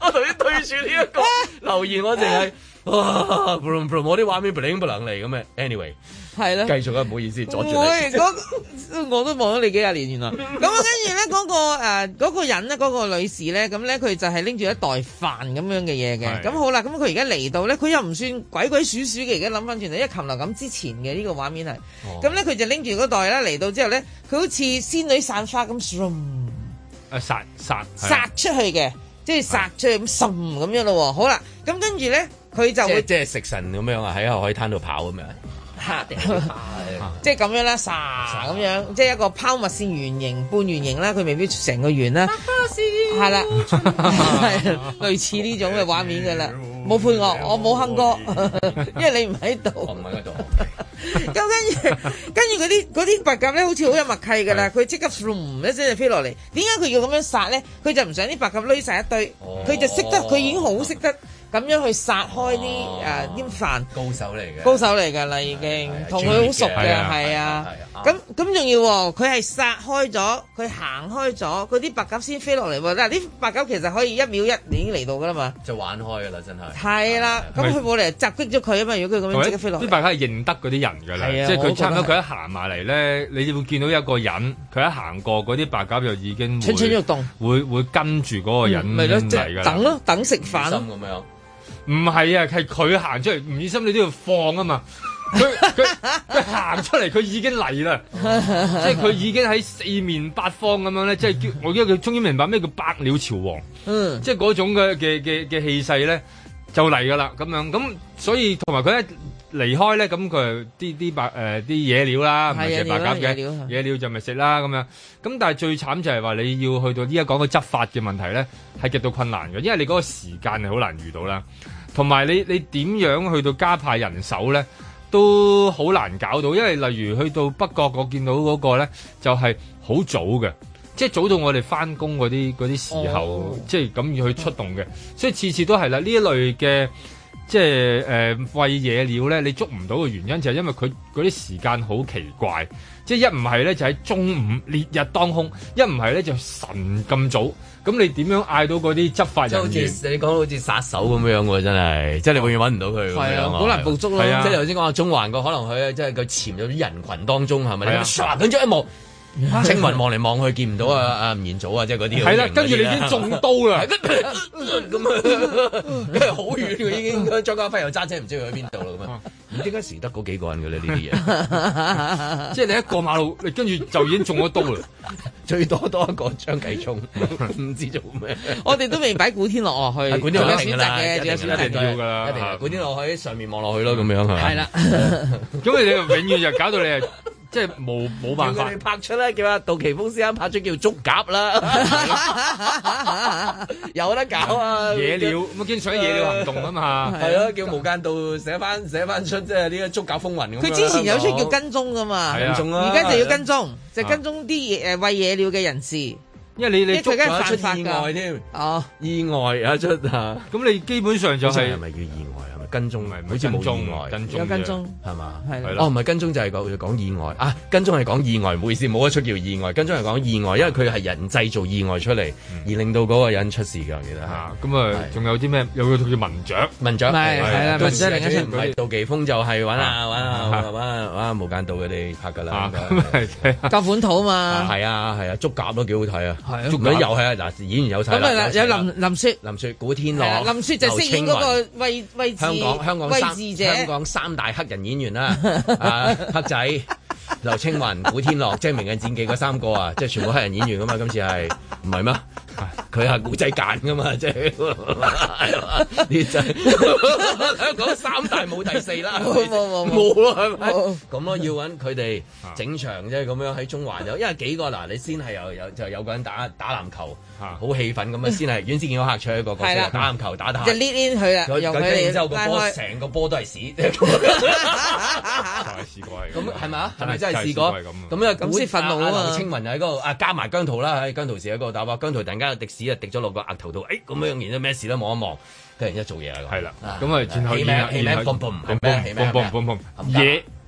我頭先對住呢一個留言，我淨係哇，我啲畫面不能 i n 嚟咁嘅，anyway。係咯，是繼續啊！唔好意思，阻住你，唔會、那個。我都望咗你幾廿年原來。咁啊，跟住咧嗰個誒、呃那個、人咧，嗰、那個女士咧，咁咧佢就係拎住一袋飯咁樣嘅嘢嘅。咁是的 好啦，咁佢而家嚟到咧，佢又唔算鬼鬼祟祟嘅。而家諗翻轉嚟，一擒禽流感之前嘅呢、這個畫面係。咁咧佢就拎住嗰袋啦，嚟到之後咧，佢好似仙女散花咁，唰！啊，撒撒撒出去嘅，是的 即係撒出去咁，咻咁是的 樣咯喎。好啦，咁跟住咧，佢就會即係食神咁樣啊，喺海灘度跑咁樣。即係咁樣啦，殺咁樣，即係一個拋物線、圓形、半圓形啦，佢未必成個圓啦，係啦，係類似呢種嘅畫面嘅啦。冇配樂我，我冇哼歌，因為你唔喺度。我唔喺嗰度。咁跟住，跟住嗰啲啲白鴿咧，好似好有默契㗎啦。佢即刻 swoop 一聲就飛落嚟。點解佢要咁樣殺咧？佢就唔想啲白鴿攏曬一堆。佢就識得，佢已經好識得。咁樣去殺開啲誒啲飯高手嚟嘅，高手嚟㗎啦已經，同佢好熟嘅，係啊。咁咁仲要喎，佢係殺開咗，佢行開咗，嗰啲白鴿先飛落嚟喎。嗱，啲白鴿其實可以一秒一秒嚟到㗎啦嘛，就玩開㗎啦，真係。係啦，咁佢冇嚟襲擊咗佢啊嘛？如果佢咁樣即刻飛落，啲白鴿係認得嗰啲人㗎啦，即係佢差唔多佢一行埋嚟咧，你會見到一個人，佢一行過嗰啲白鴿就已經蠢蠢欲動，會會跟住嗰個人嚟㗎。等咯，等食飯咁樣。唔係啊，係佢行出嚟，吳以心你都要放啊嘛！佢佢佢行出嚟，佢已經嚟啦， 即係佢已經喺四面八方咁樣咧，即係我覺得佢終於明白咩叫百鳥朝王，嗯，即係嗰種嘅嘅嘅嘅氣勢咧就嚟噶啦咁樣，咁所以同埋佢咧。離開咧，咁佢啲啲白誒啲、呃、嘢料啦，唔係食白鴿嘅野，野，嘢料就咪食啦咁樣。咁但係最慘就係話你要去到依家講個執法嘅問題咧，係極度困難嘅，因為你嗰個時間係好難遇到啦，同埋你你點樣去到加派人手咧，都好難搞到，因為例如去到北角，我見到嗰個咧就係好早嘅，即、就、係、是、早到我哋翻工嗰啲嗰啲時候，哦、即係咁要去出動嘅，所以次次都係啦，呢一類嘅。即係誒餵野鳥咧，你捉唔到嘅原因就係因為佢嗰啲時間好奇怪，即係一唔係咧就喺中午烈日當空，一唔係咧就晨咁早，咁你點樣嗌到嗰啲執法人員？即係好似你講到好似殺手咁樣樣喎，真係，即係你永遠搵唔到佢。係啊，好難捕捉咯。啊、即係頭先講阿中環個，可能佢即係佢潛咗啲人群當中，係咪？啊、你唰咗一幕。青雲望嚟望去見唔到啊、啊吳彥祖啊，即係嗰啲係啦，跟住你已經中刀啦，咁啊，真好遠嘅已經，張家輝又揸車唔知佢去邊度啦，咁啊，而家得時得嗰幾個人嘅咧呢啲嘢，即係你一過馬路，你跟住就已經中咗刀啦，最多多一個張繼聰，唔知做咩，我哋都未擺古天樂落去，古天樂係啦，一定要嘅，一定要古天樂喺上面望落去咯，咁樣係，係啦，咁你永遠就搞到你即係冇冇辦法。叫佢哋拍出啦，叫阿杜琪峰先生拍出叫《捉夾》啦，有得搞啊！野鳥咁啊，叫上啲野鳥行動啊嘛，係咯，叫《無間道》寫翻寫翻出即係呢個《捉夾風雲》咁。佢之前有出叫《跟蹤》噶嘛，而家就要跟蹤，就跟蹤啲誒喂野鳥嘅人士。因為你你捉夾係犯法噶，哦意外啊出啊，咁你基本上就係。即係咪叫意外啊？跟蹤咪好似冇中外，跟有跟蹤係嘛係。哦，唔係跟蹤就係講意外啊，跟蹤係講意外，唔好意思冇得出叫意外，跟蹤係講意外，因為佢係人製造意外出嚟而令到嗰個人出事㗎我記得吓。咁啊，仲有啲咩？有個叫文雀，文雀係係啊，文雀另一出。杜琪峰，就係揾下，揾下，揾下，揾啊，無間道佢哋拍㗎啦，咁夾本土嘛。係啊係啊，竹夾都幾好睇啊，捉夾又係啊，嗱演員有睇啦，有林林雪林雪古天樂，林雪就飾演嗰個位位置，香港三香港三大黑人演員啦、啊， 啊黑仔、劉青雲、古天樂， 即係《明日戰記》嗰三個啊，即係全部黑人演員啊嘛，今次係唔係咩？佢係、啊、古仔揀噶嘛，即係啲仔香港三大冇第四啦，冇冇冇，冇啦，咁咯，要搵佢哋整場啫，咁、啊、樣喺中環有，因為幾個嗱，你先係有有就有個人打打籃球。好氣憤咁啊！先係，於先見到客個個個打籃球打打，就 l e 佢啦，然之後個波成個波都係屎，咁係咪啊？係咪真係試過咁啊？咁啊咁先憤怒啊嘛！青雲又喺嗰度，啊加埋姜濤啦，喺姜濤咁喺嗰度，咁話姜濤突然間的士啊滴咗落個額頭度，誒咁樣然之後咩事咧？望一望，跟住咁做嘢啦，啦，咁啊，起碼起碼 boom boom 嘢。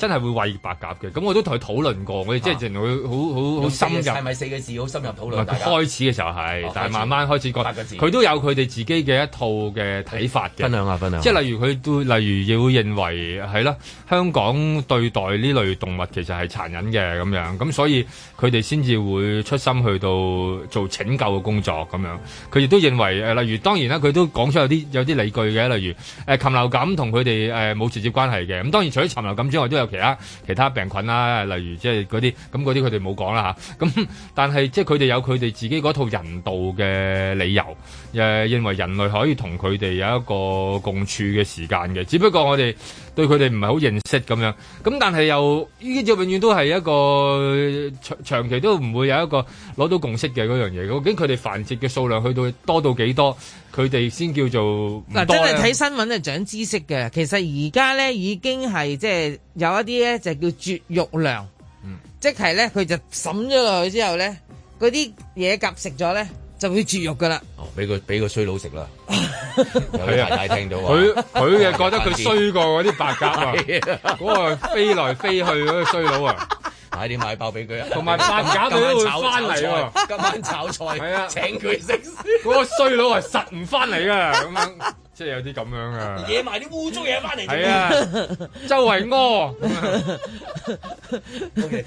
真係會餵白鴿嘅，咁我都同佢討論過，我哋、啊、即係仲會好好好深入。係咪四個字好深入討論？開始嘅時候係，哦、但係慢慢開始覺得佢都有佢哋自己嘅一套嘅睇法嘅。分享下，下，分享即係例如佢都，例如要認為係啦，香港對待呢類動物其實係殘忍嘅咁樣，咁所以。佢哋先至會出心去到做拯救嘅工作咁樣，佢亦都認為誒，例如當然啦，佢都講出有啲有啲理據嘅，例如誒禽流感同佢哋誒冇直接關係嘅。咁當然除咗禽流感之外，都有其他其他病菌啦，例如即係嗰啲咁嗰啲，佢哋冇講啦嚇。咁、啊、但係即係佢哋有佢哋自己嗰套人道嘅理由，誒、呃、認為人類可以同佢哋有一個共處嘅時間嘅，只不過我哋。對佢哋唔係好認識咁樣，咁但係又呢啲就永遠都係一個長長期都唔會有一個攞到共識嘅嗰樣嘢。究竟佢哋繁殖嘅數量去到多到幾多，佢哋先叫做嗱？啊，真係睇新聞就長知識嘅。其實而家咧已經係即係有一啲咧就叫絕育糧，嗯、即係咧佢就審咗落去之後咧，嗰啲野鴿食咗咧。就要絕肉噶啦！哦，俾個俾個衰佬食啦！人 有人大聽到啊！佢佢嘅覺得佢衰過嗰啲白鴿啊，嗰、 啊、個飛來飛去嗰個衰佬啊，快啲買包俾佢！同埋、啊、白鴿都會翻嚟喎，今晚炒菜、 啊、請佢食先。嗰個衰佬係實唔翻嚟㗎。咁樣即係有啲咁樣啊！惹埋啲污糟嘢翻嚟，係啊！周圍屙。O.K.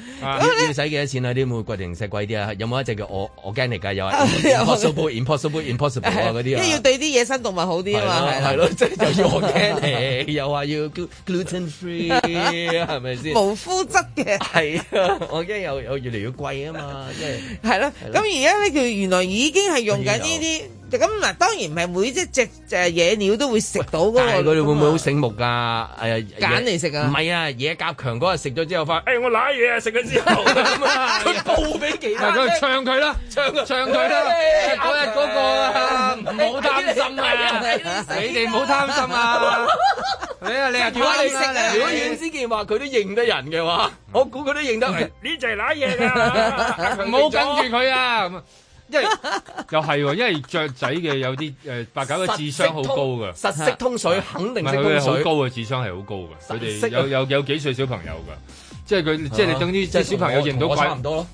要使幾多錢啊？啲會貴定食貴啲啊？有冇一隻叫 organic 㗎？有啊，impossible, impossible, impossible 啊！嗰啲啊，即係要對啲野生動物好啲啊嘛，係咯，即係又要 organic，又話要叫 gluten free，係咪先？無膚質嘅係啊！我驚又有越嚟越貴啊嘛，即係係咯。咁而家呢，佢原來已經係用緊呢啲。咁嗱，當然唔係每一隻隻野鳥都會食到嗰個。佢哋會唔會好醒目噶？誒，揀嚟食啊？唔係啊，野鴿強嗰日食咗之後，發誒我揦嘢啊！食咗之後，佢報俾其他，佢唱佢啦，唱佢唱佢啦。嗰日嗰個唔好貪心啊！你哋唔好貪心啊！你啊你啊，如果你如果袁思健話佢都認得人嘅話，我估佢都認得你，你係揦嘢噶，唔好跟住佢啊！因為又係喎，因為雀仔嘅有啲誒，白狗嘅智商好高噶，實識通，實識通水肯定唔係佢哋好高嘅智商係好高嘅，係好高噶。佢哋有有有幾歲小朋友噶，即係佢、啊、即係你等之即係小朋友認到鬼。唔多咯。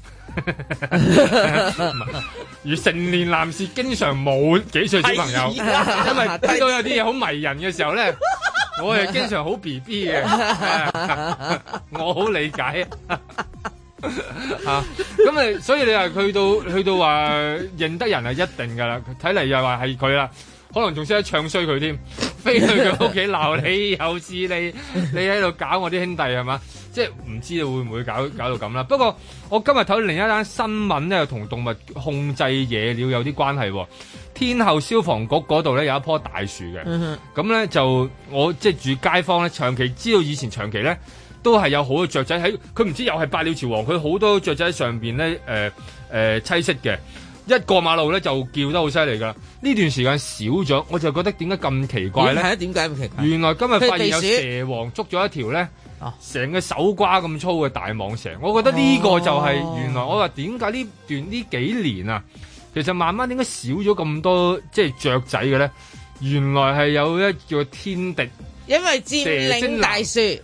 而 成年男士經常冇幾歲小朋友， 因為睇到有啲嘢好迷人嘅時候咧， 我係經常好 B B 嘅， 我好理解。 吓，咁你、 啊、所以你去到 去到話認得人係一定噶啦，睇嚟又話係佢啦，可能仲識得唱衰佢添，飛去佢屋企鬧你 又是你，你喺度搞我啲兄弟係嘛？即係唔知道會唔會搞搞到咁啦。不過我今日睇另一單新聞咧，又同動物控制野鳥有啲關係、啊。天后消防局嗰度咧有一棵大樹嘅，咁咧 就我即係住街坊咧，長期知道以前長期咧。都係有好多雀仔喺佢唔知又係百鳥朝王，佢好多雀仔喺上邊咧誒誒棲息嘅。一過馬路咧就叫得好犀利噶啦。呢段時間少咗，我就覺得點解咁奇怪咧？點解？點解咁奇怪？原來今日發現有蛇王捉咗一條咧，成個手瓜咁粗嘅大蟒蛇。我覺得呢個就係原來、哦、我話點解呢段呢幾年啊，其實慢慢點解少咗咁多即係雀仔嘅咧？原來係有一叫天敵，因為佔領大樹。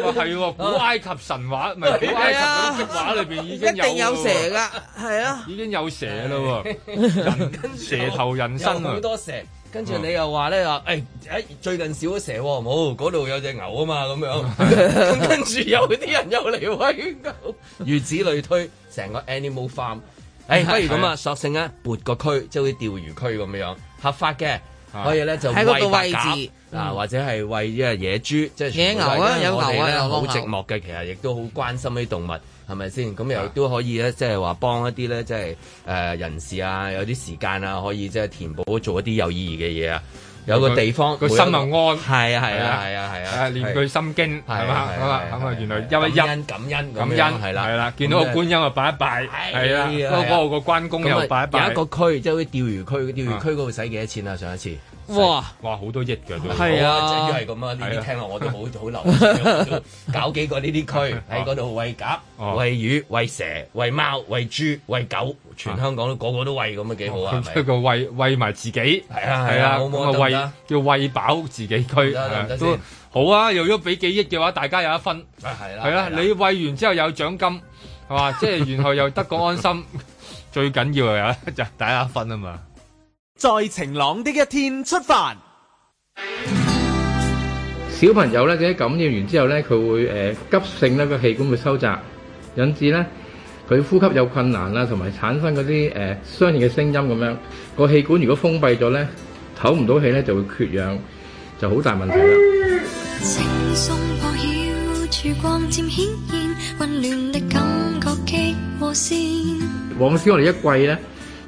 話係喎，古埃及神話唔係古埃及嗰啲壁畫裏邊已經有、啊，一定有蛇噶，係啊，已經有蛇咯，啊、人跟 蛇頭人身啊，好多蛇。跟住你又話咧話，誒、哎，最近少咗蛇喎，冇嗰度有隻牛啊嘛，咁樣。咁跟住有啲人又嚟餵牛，如此 類推，成個 animal farm。誒、 哎，不如咁啊，索性咧、啊、撥個區，即係啲釣魚區咁樣，合法嘅。可以咧就喺餵白鴿啊，或者係餵、嗯、即係野豬，即係野牛啊，有牛啊，呢有好寂寞嘅，其實亦都好關心啲動物，係咪先？咁又都可以咧，即係話幫一啲咧，即係誒人士啊，有啲時間啊，可以即係填補做一啲有意義嘅嘢啊。有個地方，個心又安。係啊係啊係啊係啊！念句心經係嘛？咁啊咁啊，原來因為因感恩感恩係啦係啦，見到個觀音啊，拜一拜係啊，嗰個個關公又拜一拜。有一個區即係好似釣魚區，釣魚區嗰度使幾多錢啊？上一次。哇！哇好多億嘅都係啊！即係咁啊！呢啲聽落我都好好流。搞幾個呢啲區喺嗰度餵鴿、餵魚、餵蛇、餵貓、餵豬、餵狗，全香港都個個都餵咁啊，幾好啊！一個餵餵埋自己，係啊係啊，餵叫餵飽自己區好啊！如果俾幾億嘅話，大家有一分，係啦，係啦，你餵完之後有獎金，係嘛？即係然後又得個安心，最緊要啊就大家一分啊嘛！在晴朗的一天出發。小朋友咧，即係感染完之後咧，佢會誒急性咧個氣管會收窄，引致咧佢呼吸有困難啦，同埋產生嗰啲誒相應嘅聲音咁樣。個氣管如果封閉咗咧，唞唔到氣咧就會缺氧，就好大問題啦。往先我哋一季咧。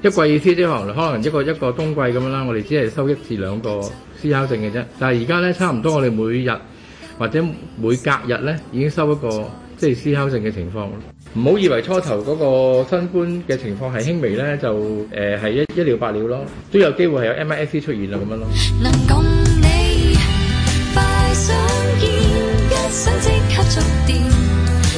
一季意思即係可能，可能一個一個冬季咁樣啦。我哋只係收一至兩個思考證嘅啫。但係而家咧，差唔多我哋每日或者每隔日咧，已經收一個即係思考證嘅情況。唔好以為初頭嗰個新冠嘅情況係輕微咧，就誒係一一了百了咯，都有機會係有 MIS-C 出現啊咁樣咯。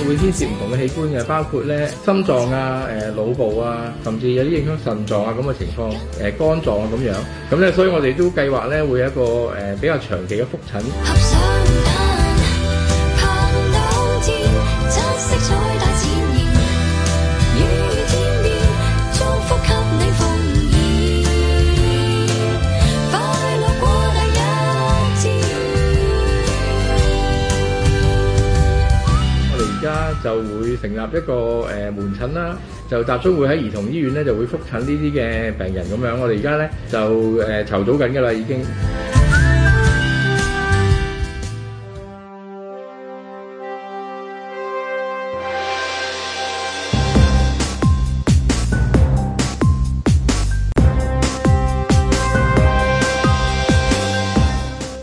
會牽涉唔同嘅器官嘅，包括咧心臟啊、誒腦部啊，甚至有啲影響腎臟啊咁嘅情況，誒肝臟啊咁樣。咁咧，所以我哋都計劃咧會有一個誒比較長期嘅覆診就會成立一個誒、呃、門診啦，就集中會喺兒童醫院咧，就會覆診呢啲嘅病人咁樣。我哋而家咧就誒籌組緊㗎喇，已經。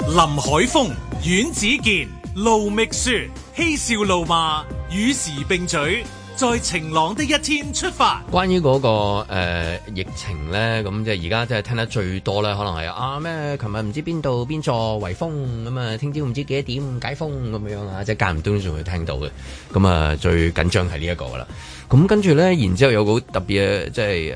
林海峰、阮子健、盧覓雪。嬉笑怒罵，與時並舉。在晴朗的一天出發關、那個。關於嗰個誒疫情咧，咁即係而家即係聽得最多咧，可能係啊咩，琴日唔知邊度邊座圍封咁啊聽朝唔知幾多點解封咁樣樣啊，即係間唔中仲會聽到嘅。咁啊，最緊張係呢，呢一個啦。咁跟住咧，然之後有個特別嘅，即係誒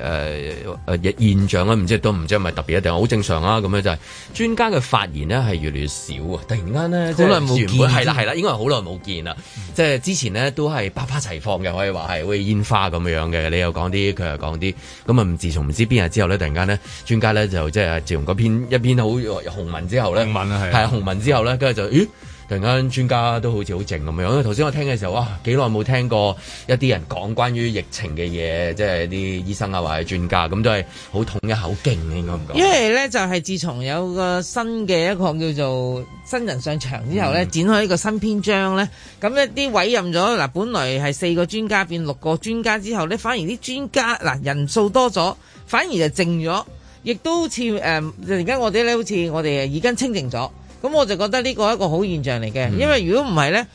誒現象咧，唔知都唔知係咪特別一定，好正常啊。咁咧就係、是、專家嘅發言咧係越嚟越少啊！突然間咧，好耐冇見，係啦係啦，應該係好耐冇見啦。即係、嗯、之前咧都係百花齊放嘅，可以。話係好似煙花咁樣嘅，你又講啲，佢又講啲，咁啊自從唔知邊日之後咧，突然間咧，專家咧就即係自從嗰篇一篇好紅文之後咧，係啊紅文之後咧，跟住就咦？突然間專家都好似好靜咁樣，因為頭先我聽嘅時候，哇、啊，幾耐冇聽過一啲人講關於疫情嘅嘢，即係啲醫生啊或者專家咁，都係好統一口徑，應該咁講。因為呢就係、是、自從有個新嘅一個叫做新人上場之後呢，嗯、展開一個新篇章呢。咁一啲委任咗嗱，本來係四個專家變六個專家之後呢，反而啲專家嗱人數多咗，反而就靜咗，亦都好似誒，突、呃、然我哋呢，好似我哋已經清靜咗。咁我就覺得呢個係一個好現象嚟嘅，嗯、因為如果唔係呢，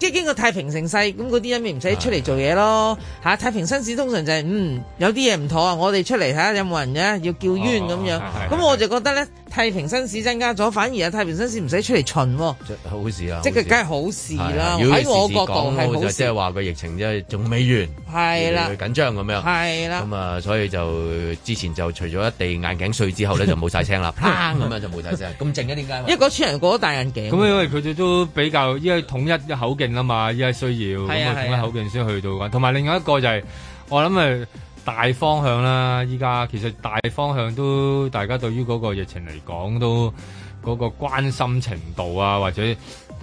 經過太平盛世，咁嗰啲人咪唔使出嚟做嘢咯。太平紳士通常就係、是、嗯有啲嘢唔妥啊，我哋出嚟睇下有冇人呀？要叫冤咁、哦、樣。咁、哦、我就覺得呢。太平紳士增加咗，反而啊太平紳士唔使出嚟巡喎，好事啊！即係梗係好事啦。喺我角度，就即係話個疫情即係仲未完，係啦，緊張咁樣係啦。咁啊，所以就之前就除咗一地眼鏡碎之後咧，就冇晒聲啦，咁樣就冇晒聲。咁靜一點解？因為嗰村人過咗大眼鏡。咁因為佢哋都比較因為統一口徑啊嘛，依家需要咁啊統一口徑先去到。同埋另外一個就係我諗係。大方向啦，而家其實大方向都，大家對於嗰個疫情嚟講，都嗰個關心程度啊，或者。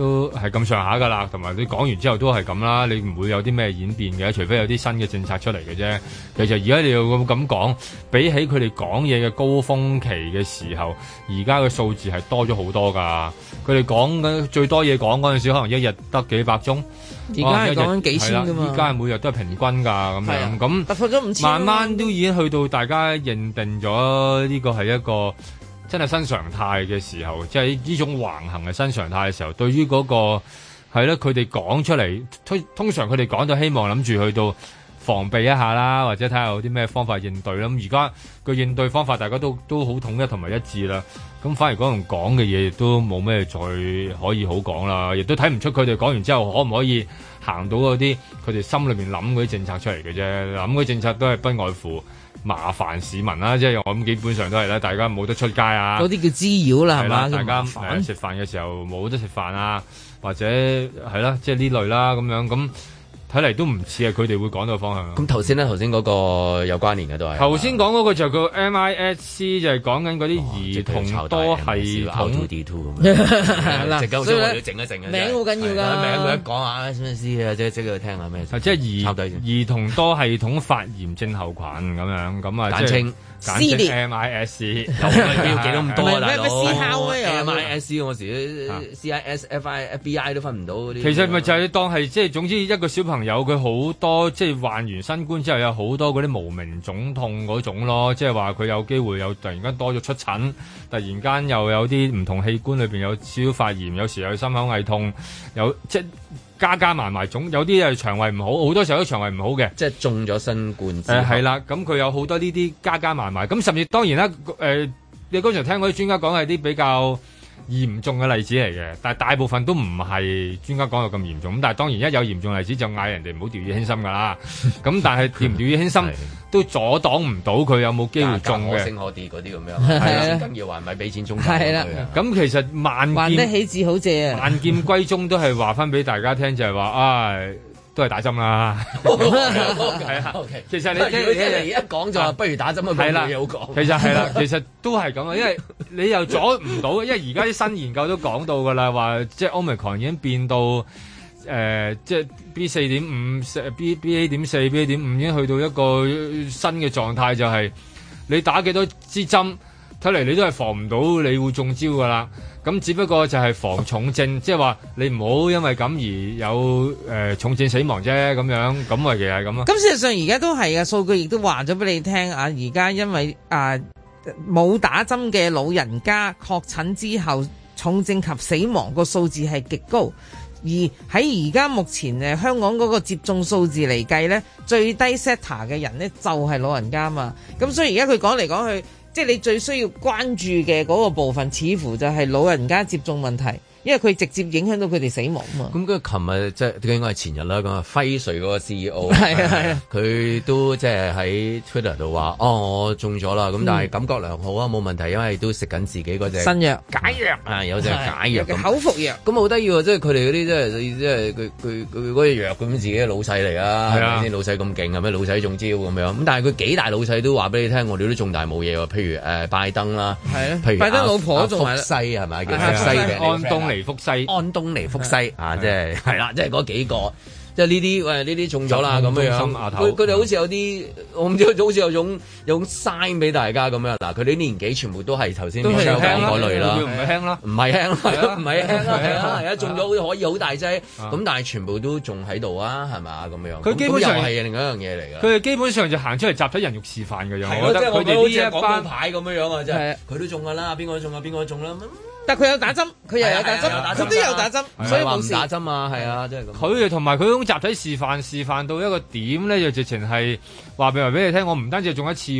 都係咁上下㗎啦，同埋你講完之後都係咁啦，你唔會有啲咩演變嘅，除非有啲新嘅政策出嚟嘅啫。其實而家你要咁講，比起佢哋講嘢嘅高峰期嘅時候，而家嘅數字係多咗好多㗎。佢哋講緊最多嘢講嗰陣時，可能一日得幾百宗，而家係講緊幾千㗎嘛。而家係每日都係平均㗎，咁樣咁。突破咗五千。慢慢都已經去到大家認定咗呢個係一個。真係新常態嘅時候，即係呢種橫行嘅新常態嘅時候，對於嗰個係呢，佢哋講出嚟，推通常佢哋講就希望諗住去到防備一下啦，或者睇下有啲咩方法應對啦。咁而家個應對方法大家都都好統一同埋一致啦。咁反而講同講嘅嘢亦都冇咩再可以好講啦，亦都睇唔出佢哋講完之後可唔可以行到嗰啲佢哋心裏面諗嗰啲政策出嚟嘅啫。諗啲政策都係不外乎。麻煩市民啦、啊，即係我諗基本上都係啦，大家冇得出街啊，嗰啲叫滋擾啦，係嘛？啊、大家食煩飯嘅時候冇得食飯啊，或者係啦、啊，即係呢類啦、啊、咁樣咁。睇嚟都唔似啊！佢哋會講到方向。咁頭先呢，頭先嗰個有關聯嘅都係。頭先講嗰個就叫 MISC 就係講緊嗰啲兒童多系統。哦、要好，啦，所以咧，名好緊要㗎、啊。名佢一會講一下咩先啊，即係、啊啊、即係聽下咩。即係兒童多系統發炎症候群咁樣，咁啊簡稱 m i s 唔係要記到咁多啦、啊，咩咩思考咩？C.I.S. 我時、啊、C.I.S.F.I.B.I. 都分唔到嗰啲。其實咪就係當係即係總之一個小朋友，佢好多即係患完新冠之後有好多嗰啲無名腫痛嗰種咯，即係話佢有機會有突然間多咗出診，突然間又有啲唔同器官裏邊有少少發炎，有時有心口胃痛，有即。加加埋埋，總有啲係腸胃唔好，好多時候都腸胃唔好嘅。即係中咗新冠之後，係啦，咁佢、啊、有好多呢啲加加埋埋。咁甚至當然啦，誒、呃，你剛才聽嗰啲專家講係啲比較嚴重嘅例子嚟嘅，但大部分都唔係專家講到咁嚴重。咁但係當然一有嚴重例子就嗌人哋唔好掉以輕心㗎啦。咁但係掉唔掉以輕心都阻擋唔到佢有冇機會中嘅。可升可跌嗰啲咁樣，梗要唔咪俾錢中。係啦。咁其實萬萬得其志好啊。萬劍歸宗都係話翻俾大家聽就係話啊。都係打針啦，係啊，其實你佢 Okay. 一講就話不如打針啊，冇嘢好講。 其實係啦，其實都係咁啊，因為你又阻唔到， 因為而家啲新研究都講到噶啦，話即係 Omicron 已經變到誒、呃，即係 B 四點五、B B A 點四、B A 點五已經去到一個新嘅狀態，就係、是、你打幾多支針。睇嚟你都係防唔到，你會中招噶啦。咁只不過就係防重症，即係話你唔好因為咁而有誒、呃、重症死亡啫。咁樣咁，咪其實係咁啊。咁事實上而家都係啊，數據亦都話咗俾你聽啊。而家因為啊冇打針嘅老人家確診之後重症及死亡個數字係極高，而喺而家目前誒香港嗰個接種數字嚟計咧，最低 set 嘅人咧就係老人家嘛。咁所以而家佢講嚟講去。即係你最需要關注嘅嗰個部分，似乎就係老人家接種問題。因為佢直接影響到佢哋死亡啊嘛。咁佢琴日，即係佢應該係前日啦，咁輝瑞嗰個 C E O，係啊係啊，佢都即係喺 Twitter 度話，哦，我中咗啦，咁但係感覺良好啊，冇問題，因為都食緊自己嗰隻新藥解藥啊，有隻解藥嘅口服藥，咁好得意喎，即係佢哋嗰啲即係即係佢佢佢嗰隻藥咁，自己老細嚟啊，係咪先老細咁勁啊？咩老細中招咁樣，咁但係佢幾大老細都話俾你聽，我哋都仲大冇嘢喎，譬如誒拜登啦，係啊，譬如拜登老婆仲西係咪啊？西東。尼福西、安東尼福西啊，即係係啦，即係嗰幾個，即係呢啲喂，呢啲中咗啦咁樣樣。佢哋好似有啲，我唔知，好似有種有種 sign 俾大家咁樣。嗱，佢哋年紀全部都係頭先面講嗰類啦，唔係輕啦，唔係輕唔係輕啦，係啊，係啊，中咗可以好大劑，咁但係全部都仲喺度啊，係咪咁樣。佢基本上係另一樣嘢嚟嘅。佢基本上就行出嚟集咗人肉示範嘅樣，即係我哋呢隻廣告牌咁樣樣啊，係。佢都中噶啦，邊個都中啊，邊個都中啦。但佢有打針，佢又有打針，佢都有打針，所以冇事。打針啊，係啊，即係咁。佢同埋佢嗰集體示範，示範到一個點咧，就直情係話俾話俾你聽，我唔單止中一次，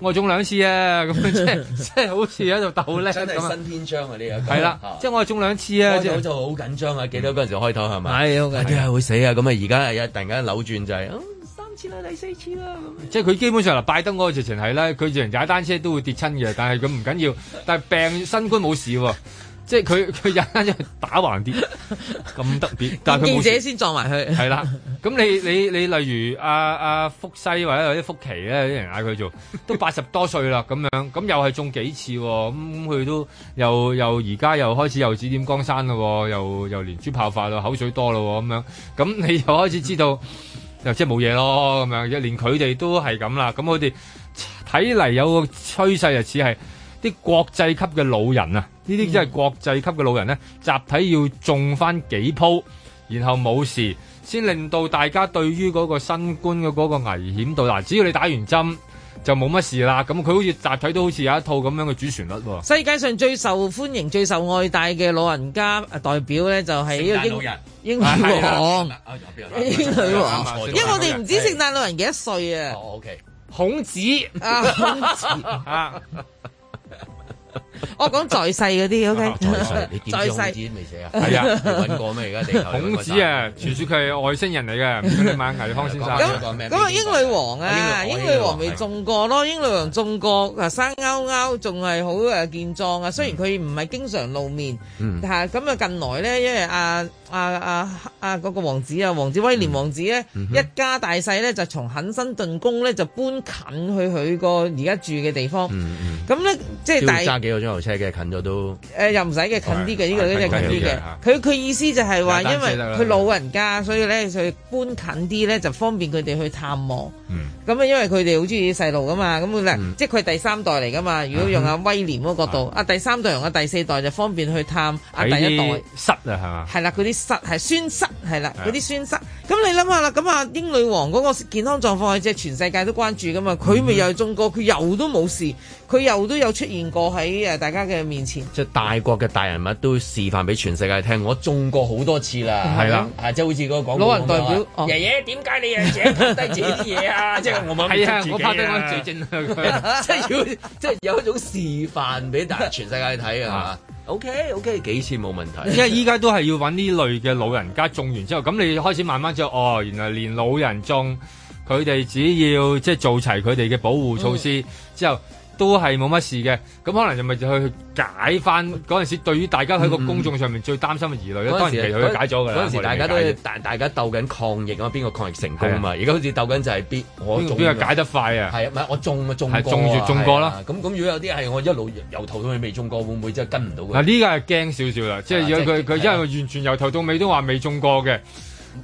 我中兩次啊！咁即即係好似喺度鬥叻咁啊！真係新篇章啊啲啊，係啦，即係我中兩次啊，我就好緊張啊！記得嗰陣時開頭係咪？係啊，點解會死啊？咁啊，而家一突然間扭轉就係。第四次啦，即係佢基本上啦，拜登嗰個直情係咧，佢就連踩單車都會跌親嘅，但係咁唔緊要， 但係病新冠冇事喎，即係佢佢踩單車打橫跌咁特別，但係佢冇事，記者先撞埋佢， 係啦，咁你你你例如啊阿、啊、福西或者有啲福奇咧，有啲人嗌佢做，都八十多歲啦，咁 樣咁又係中幾次，咁佢都又又而家又開始又指點江山咯，又又連珠炮發到口水多咯咁樣，咁你又開始知道。 又即係冇嘢咯，咁樣一連佢哋都係咁啦。咁我哋睇嚟有個趨勢，就似係啲國際級嘅老人啊！呢啲即係國際級嘅老人咧，集體要中翻幾鋪，然後冇事，先令到大家對於嗰個新冠嘅嗰個危險度，嗱，只要你打完針，就冇乜事啦，咁佢好似集體都好似有一套咁樣嘅主旋律喎、哦。世界上最受歡迎、最受愛戴嘅老人家、啊、代表咧，就係、是、呢個英、聖誕老人、英王、啊、英女王。英女王，因為我哋唔知聖誕老人幾多歲啊。哦，OK。孔子，啊。孔子 我講在世嗰啲，OK？在世，你見唔到孔子未寫啊？係啊，你搵過咩？而家地球孔子啊，傳說佢係外星人嚟嘅。唔該，你問下方先生，咁講咩？咁啊，英女王啊，英女王未中過咯，英女王中過啊，生勾勾仲係好誒健壯啊，雖然佢唔係經常露面，但係吓咁啊，近來咧，因為啊。啊啊啊！嗰個王子啊，王子威廉王子咧，一家大細咧就從肯辛頓宮咧就搬近去佢個而家住嘅地方。咁咧即係大揸幾個鐘頭車嘅近咗都。誒又唔使嘅近啲嘅呢個呢，係近啲嘅。佢佢意思就係話，因為佢老人家，所以咧去搬近啲咧就方便佢哋去探望。咁啊，因為佢哋好中意啲細路噶嘛，咁佢即係佢第三代嚟噶嘛。如果用阿威廉嗰個角度，啊第三代用阿第四代就方便去探啊第一代。塞啊係嘛？係啦，嗰啲。實係損失係啦，嗰啲損失。咁你諗下啦，咁啊英女王嗰個健康狀況係即係全世界都關注噶嘛，佢咪又係中過，佢又都冇事。佢又都有出現過喺大家嘅面前，即係大國嘅大人物都示範俾全世界聽，我中過好多次啦，係啦的，啊即係好似個老人代表說、哦、爺爺點解你又整低自己啲嘢啊？即係我冇，係啊，我拍得我最正，即係要即係有一種示範俾大全世界睇啊 ！OK OK，幾次冇問題，因為依家都係要搵呢類嘅老人家種完之後，咁你開始慢慢就哦，原來連老人種，佢哋只要即係做齊佢哋嘅保護措施之後。嗯之後都係冇乜事嘅，咁可能就咪就去解翻嗰陣時對於大家喺個公眾上面最擔心嘅疑慮咧，當時其實佢解咗㗎，啦。嗰陣時大家都大大家鬥緊抗疫啊邊邊個抗疫成功啊嘛？而家好似鬥緊就係邊我邊邊個解得快啊？係啊，唔係我中啊，中過啊，中住中過啦。咁咁，如果有啲係我一路由頭到尾未中過，會唔會真係跟唔到佢？嗱，呢個係驚少少啦，即係佢佢因為完全由頭到尾都話未中過嘅，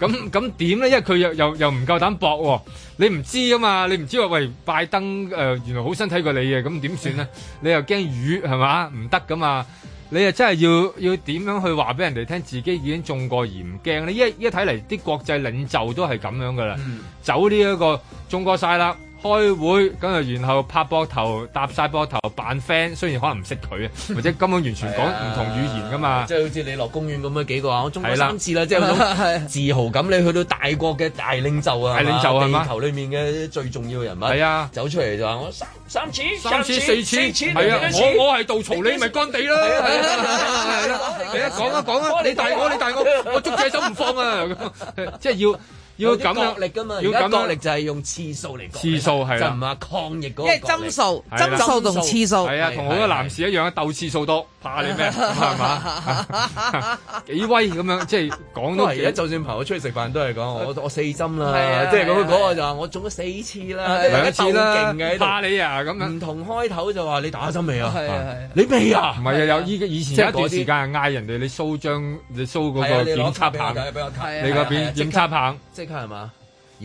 咁咁點咧？因為佢又又又唔夠膽搏喎。你唔知噶嘛？你唔知話，喂，拜登誒、呃，原來好身體過你嘅，咁點算咧？你又驚魚係嘛？唔得噶嘛？你又真係要要點樣去話俾人哋聽，自己已經中過而唔驚咧？你一一睇嚟，啲國際領袖都係咁樣噶啦，嗯、走呢一個中過晒啦。開會咁啊，然後拍膊頭、搭晒膊頭、扮 friend，雖然可能唔識佢啊，或者根本完全講唔同語言噶嘛。即係好似你落公園咁啊，幾個啊，我中過三次啦，即係嗰種自豪感。你去到大國嘅大領袖啊，大領袖地球裡面嘅最重要人物，啊，走出嚟就話我三次，三次四次，係啊，我我係稻草，你咪乾地啦。係啊。你一講啊講啊，你大我你大我，我捉隻手唔放啊，即係要。要咁力㗎嘛，而家力就係用次數嚟，次數係就唔話抗疫嗰個，因為增數增數同次數係啊，同好多男士一樣啊，鬥次數多。打你咩？係嘛？幾威咁樣？即係講都，而家就算朋友出去食飯都係講我我四針啦，即係嗰個就話我中咗四次啦，一次啦，勁嘅打你啊咁。唔同開頭就話你打針未啊？係你未啊？唔係啊，有依以前一段時間嗌人哋你收張你收嗰個檢測棒，你個檢測棒俾我睇，你嗰邊檢測棒即刻係嘛？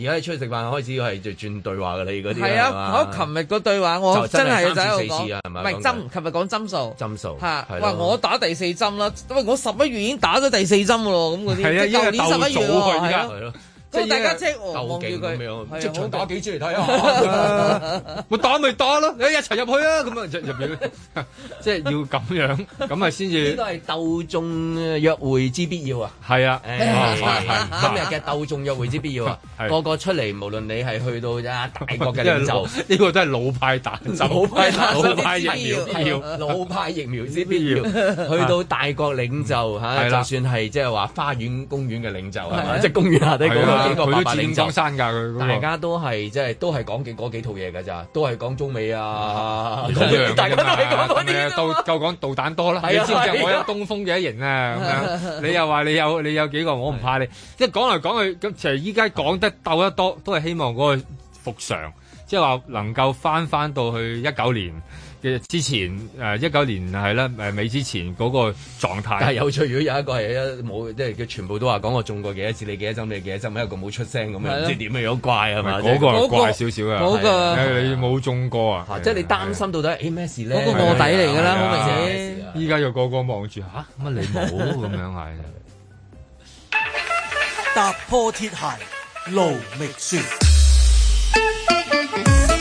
而家出去食飯開始係就轉對話噶你嗰啲係啊，我琴日嗰對話我真係就喺度講，係咪針，琴日講針數，針數係。我打第四針啦，喂，我十一月已經打咗第四針噶咯，咁嗰啲，舊年十一月喎，係咯。即係大家即係鬥幾咁樣，即場打幾出嚟睇啊！我打咪打咯，你一齊入去啊！咁啊，即係要咁樣，咁啊先至。呢都係鬥眾約會之必要啊！係啊，今日嘅鬥眾約會之必要啊！個個出嚟，無論你係去到啊大國嘅領袖，呢個都係老派大，老派老派疫苗，要老派疫苗之必要。去到大國領袖吓，就算係即係話花園公園嘅領袖，即係公園下底。佢都自認江山㗎，佢大家都係即係都係講緊嗰幾套嘢㗎咋，都係講中美啊，大家都係講嗰啲，夠講導彈多啦。你知唔知我有東風嘅一型啊？咁樣你又話你有你有幾個，我唔怕你。即係講嚟講去，咁其實依家講得鬥得多，都係希望嗰個復常，即係話能夠翻翻到去一九年。之前誒一九年係啦，誒未之前嗰個狀態，但有趣，如果有一個係一冇，即係佢全部都話講我中過幾多次，你幾多針，你幾多針，咁一個冇出聲咁樣，即係點樣啊？有怪係咪？嗰個怪少少嘅，誒你冇中過啊！即係你擔心到底 a 咩事咧？嗰個臥底嚟㗎啦，依家又個個望住吓，乜你冇咁樣係踏破鐵鞋路未說。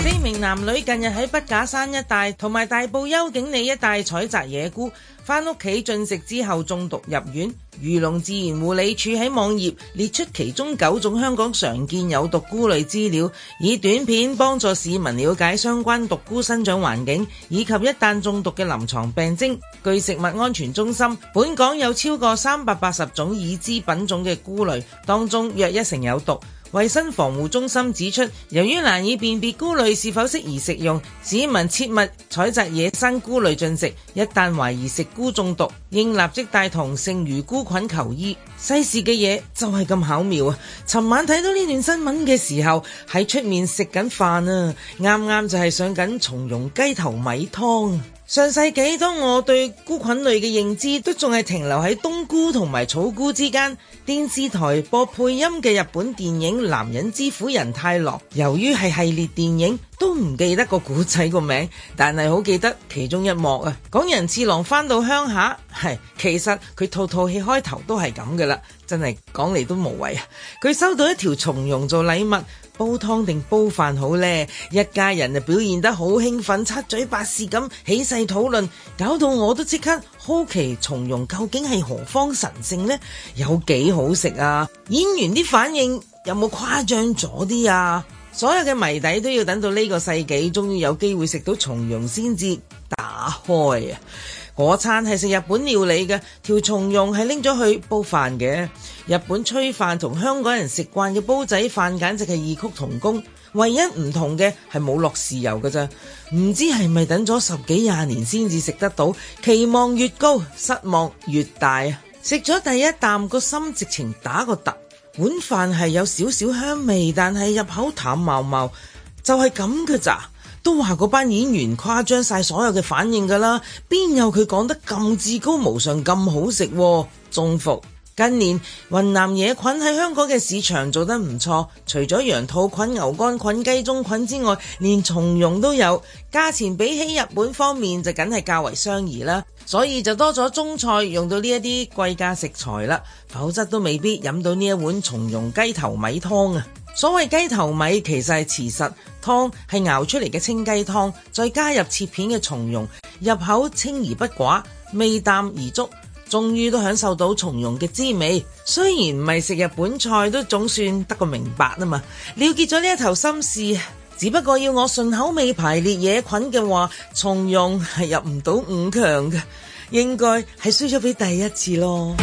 四名男女近日喺畢架山一帶同埋大埔幽景里一帶採摘野菇，翻屋企進食之後中毒入院。漁農自然護理署喺網頁列出其中九種香港常見有毒菇類資料，以短片幫助市民了解相關毒菇生長環境以及一旦中毒嘅臨床病徵。據食物安全中心，本港有超過三百八十種已知品種嘅菇類當中，約一成有毒。衛生防護中心指出，由於難以辨別菇類是否適宜食用，市民切勿採摘野生菇類進食。一旦懷疑食菇中毒，應立即帶同剩餘菇菌求醫。世事嘅嘢就係咁巧妙啊！尋晚睇到呢段新聞嘅時候，喺出面食緊飯啊，啱啱就係上緊松茸雞頭米湯。上世紀，當我對菇菌類嘅認知都仲係停留喺冬菇同埋草菇之間。電視台播配音嘅日本電影《男人之虎人太郎》，由於係系列電影，都唔記得個古仔個名，但係好記得其中一幕啊！講人次郎返到鄉下，係、哎、其實佢套套戲開頭都係咁噶啦，真係講嚟都無謂啊！佢收到一條從容做禮物。煲湯定煲飯好呢，一家人就表現得好興奮，七嘴八舌咁起勢討論，搞到我都即刻好奇松茸究竟係何方神聖呢？有幾好食啊？演員啲反應有冇誇張咗啲啊？所有嘅謎底都要等到呢個世紀，終於有機會食到松茸先至打開啊！我餐係食日本料理嘅，條松茸係拎咗去煲飯嘅。日本炊飯同香港人食慣嘅煲仔飯簡直係異曲同工，唯一唔同嘅係冇落豉油㗎咋。唔知係咪等咗十幾廿年先至食得到？期望越高，失望越大啊！食咗第一啖，個心直情打個突。碗飯係有少少香味，但係入口淡茂茂，就係咁㗎咋。都話嗰班演員誇張晒所有嘅反應㗎啦，邊有佢講得咁至高無上咁好食？中服近年雲南野菌喺香港嘅市場做得唔錯，除咗羊肚菌、牛肝菌、雞中菌之外，連松茸都有。價錢比起日本方面就梗係較為相宜啦，所以就多咗中菜用到呢一啲貴價食材啦，否則都未必飲到呢一碗松茸雞頭米湯啊！所謂雞頭米，其實係茨實，湯係熬出嚟嘅清雞湯，再加入切片嘅松茸，入口清而不寡，味淡而足，終於都享受到松茸嘅滋味。雖然唔係食日本菜，都總算得個明白啊嘛。了結咗呢一頭心事，只不過要我順口味排列野菌嘅話，松茸係入唔到五強嘅，應該係輸咗俾第一次咯。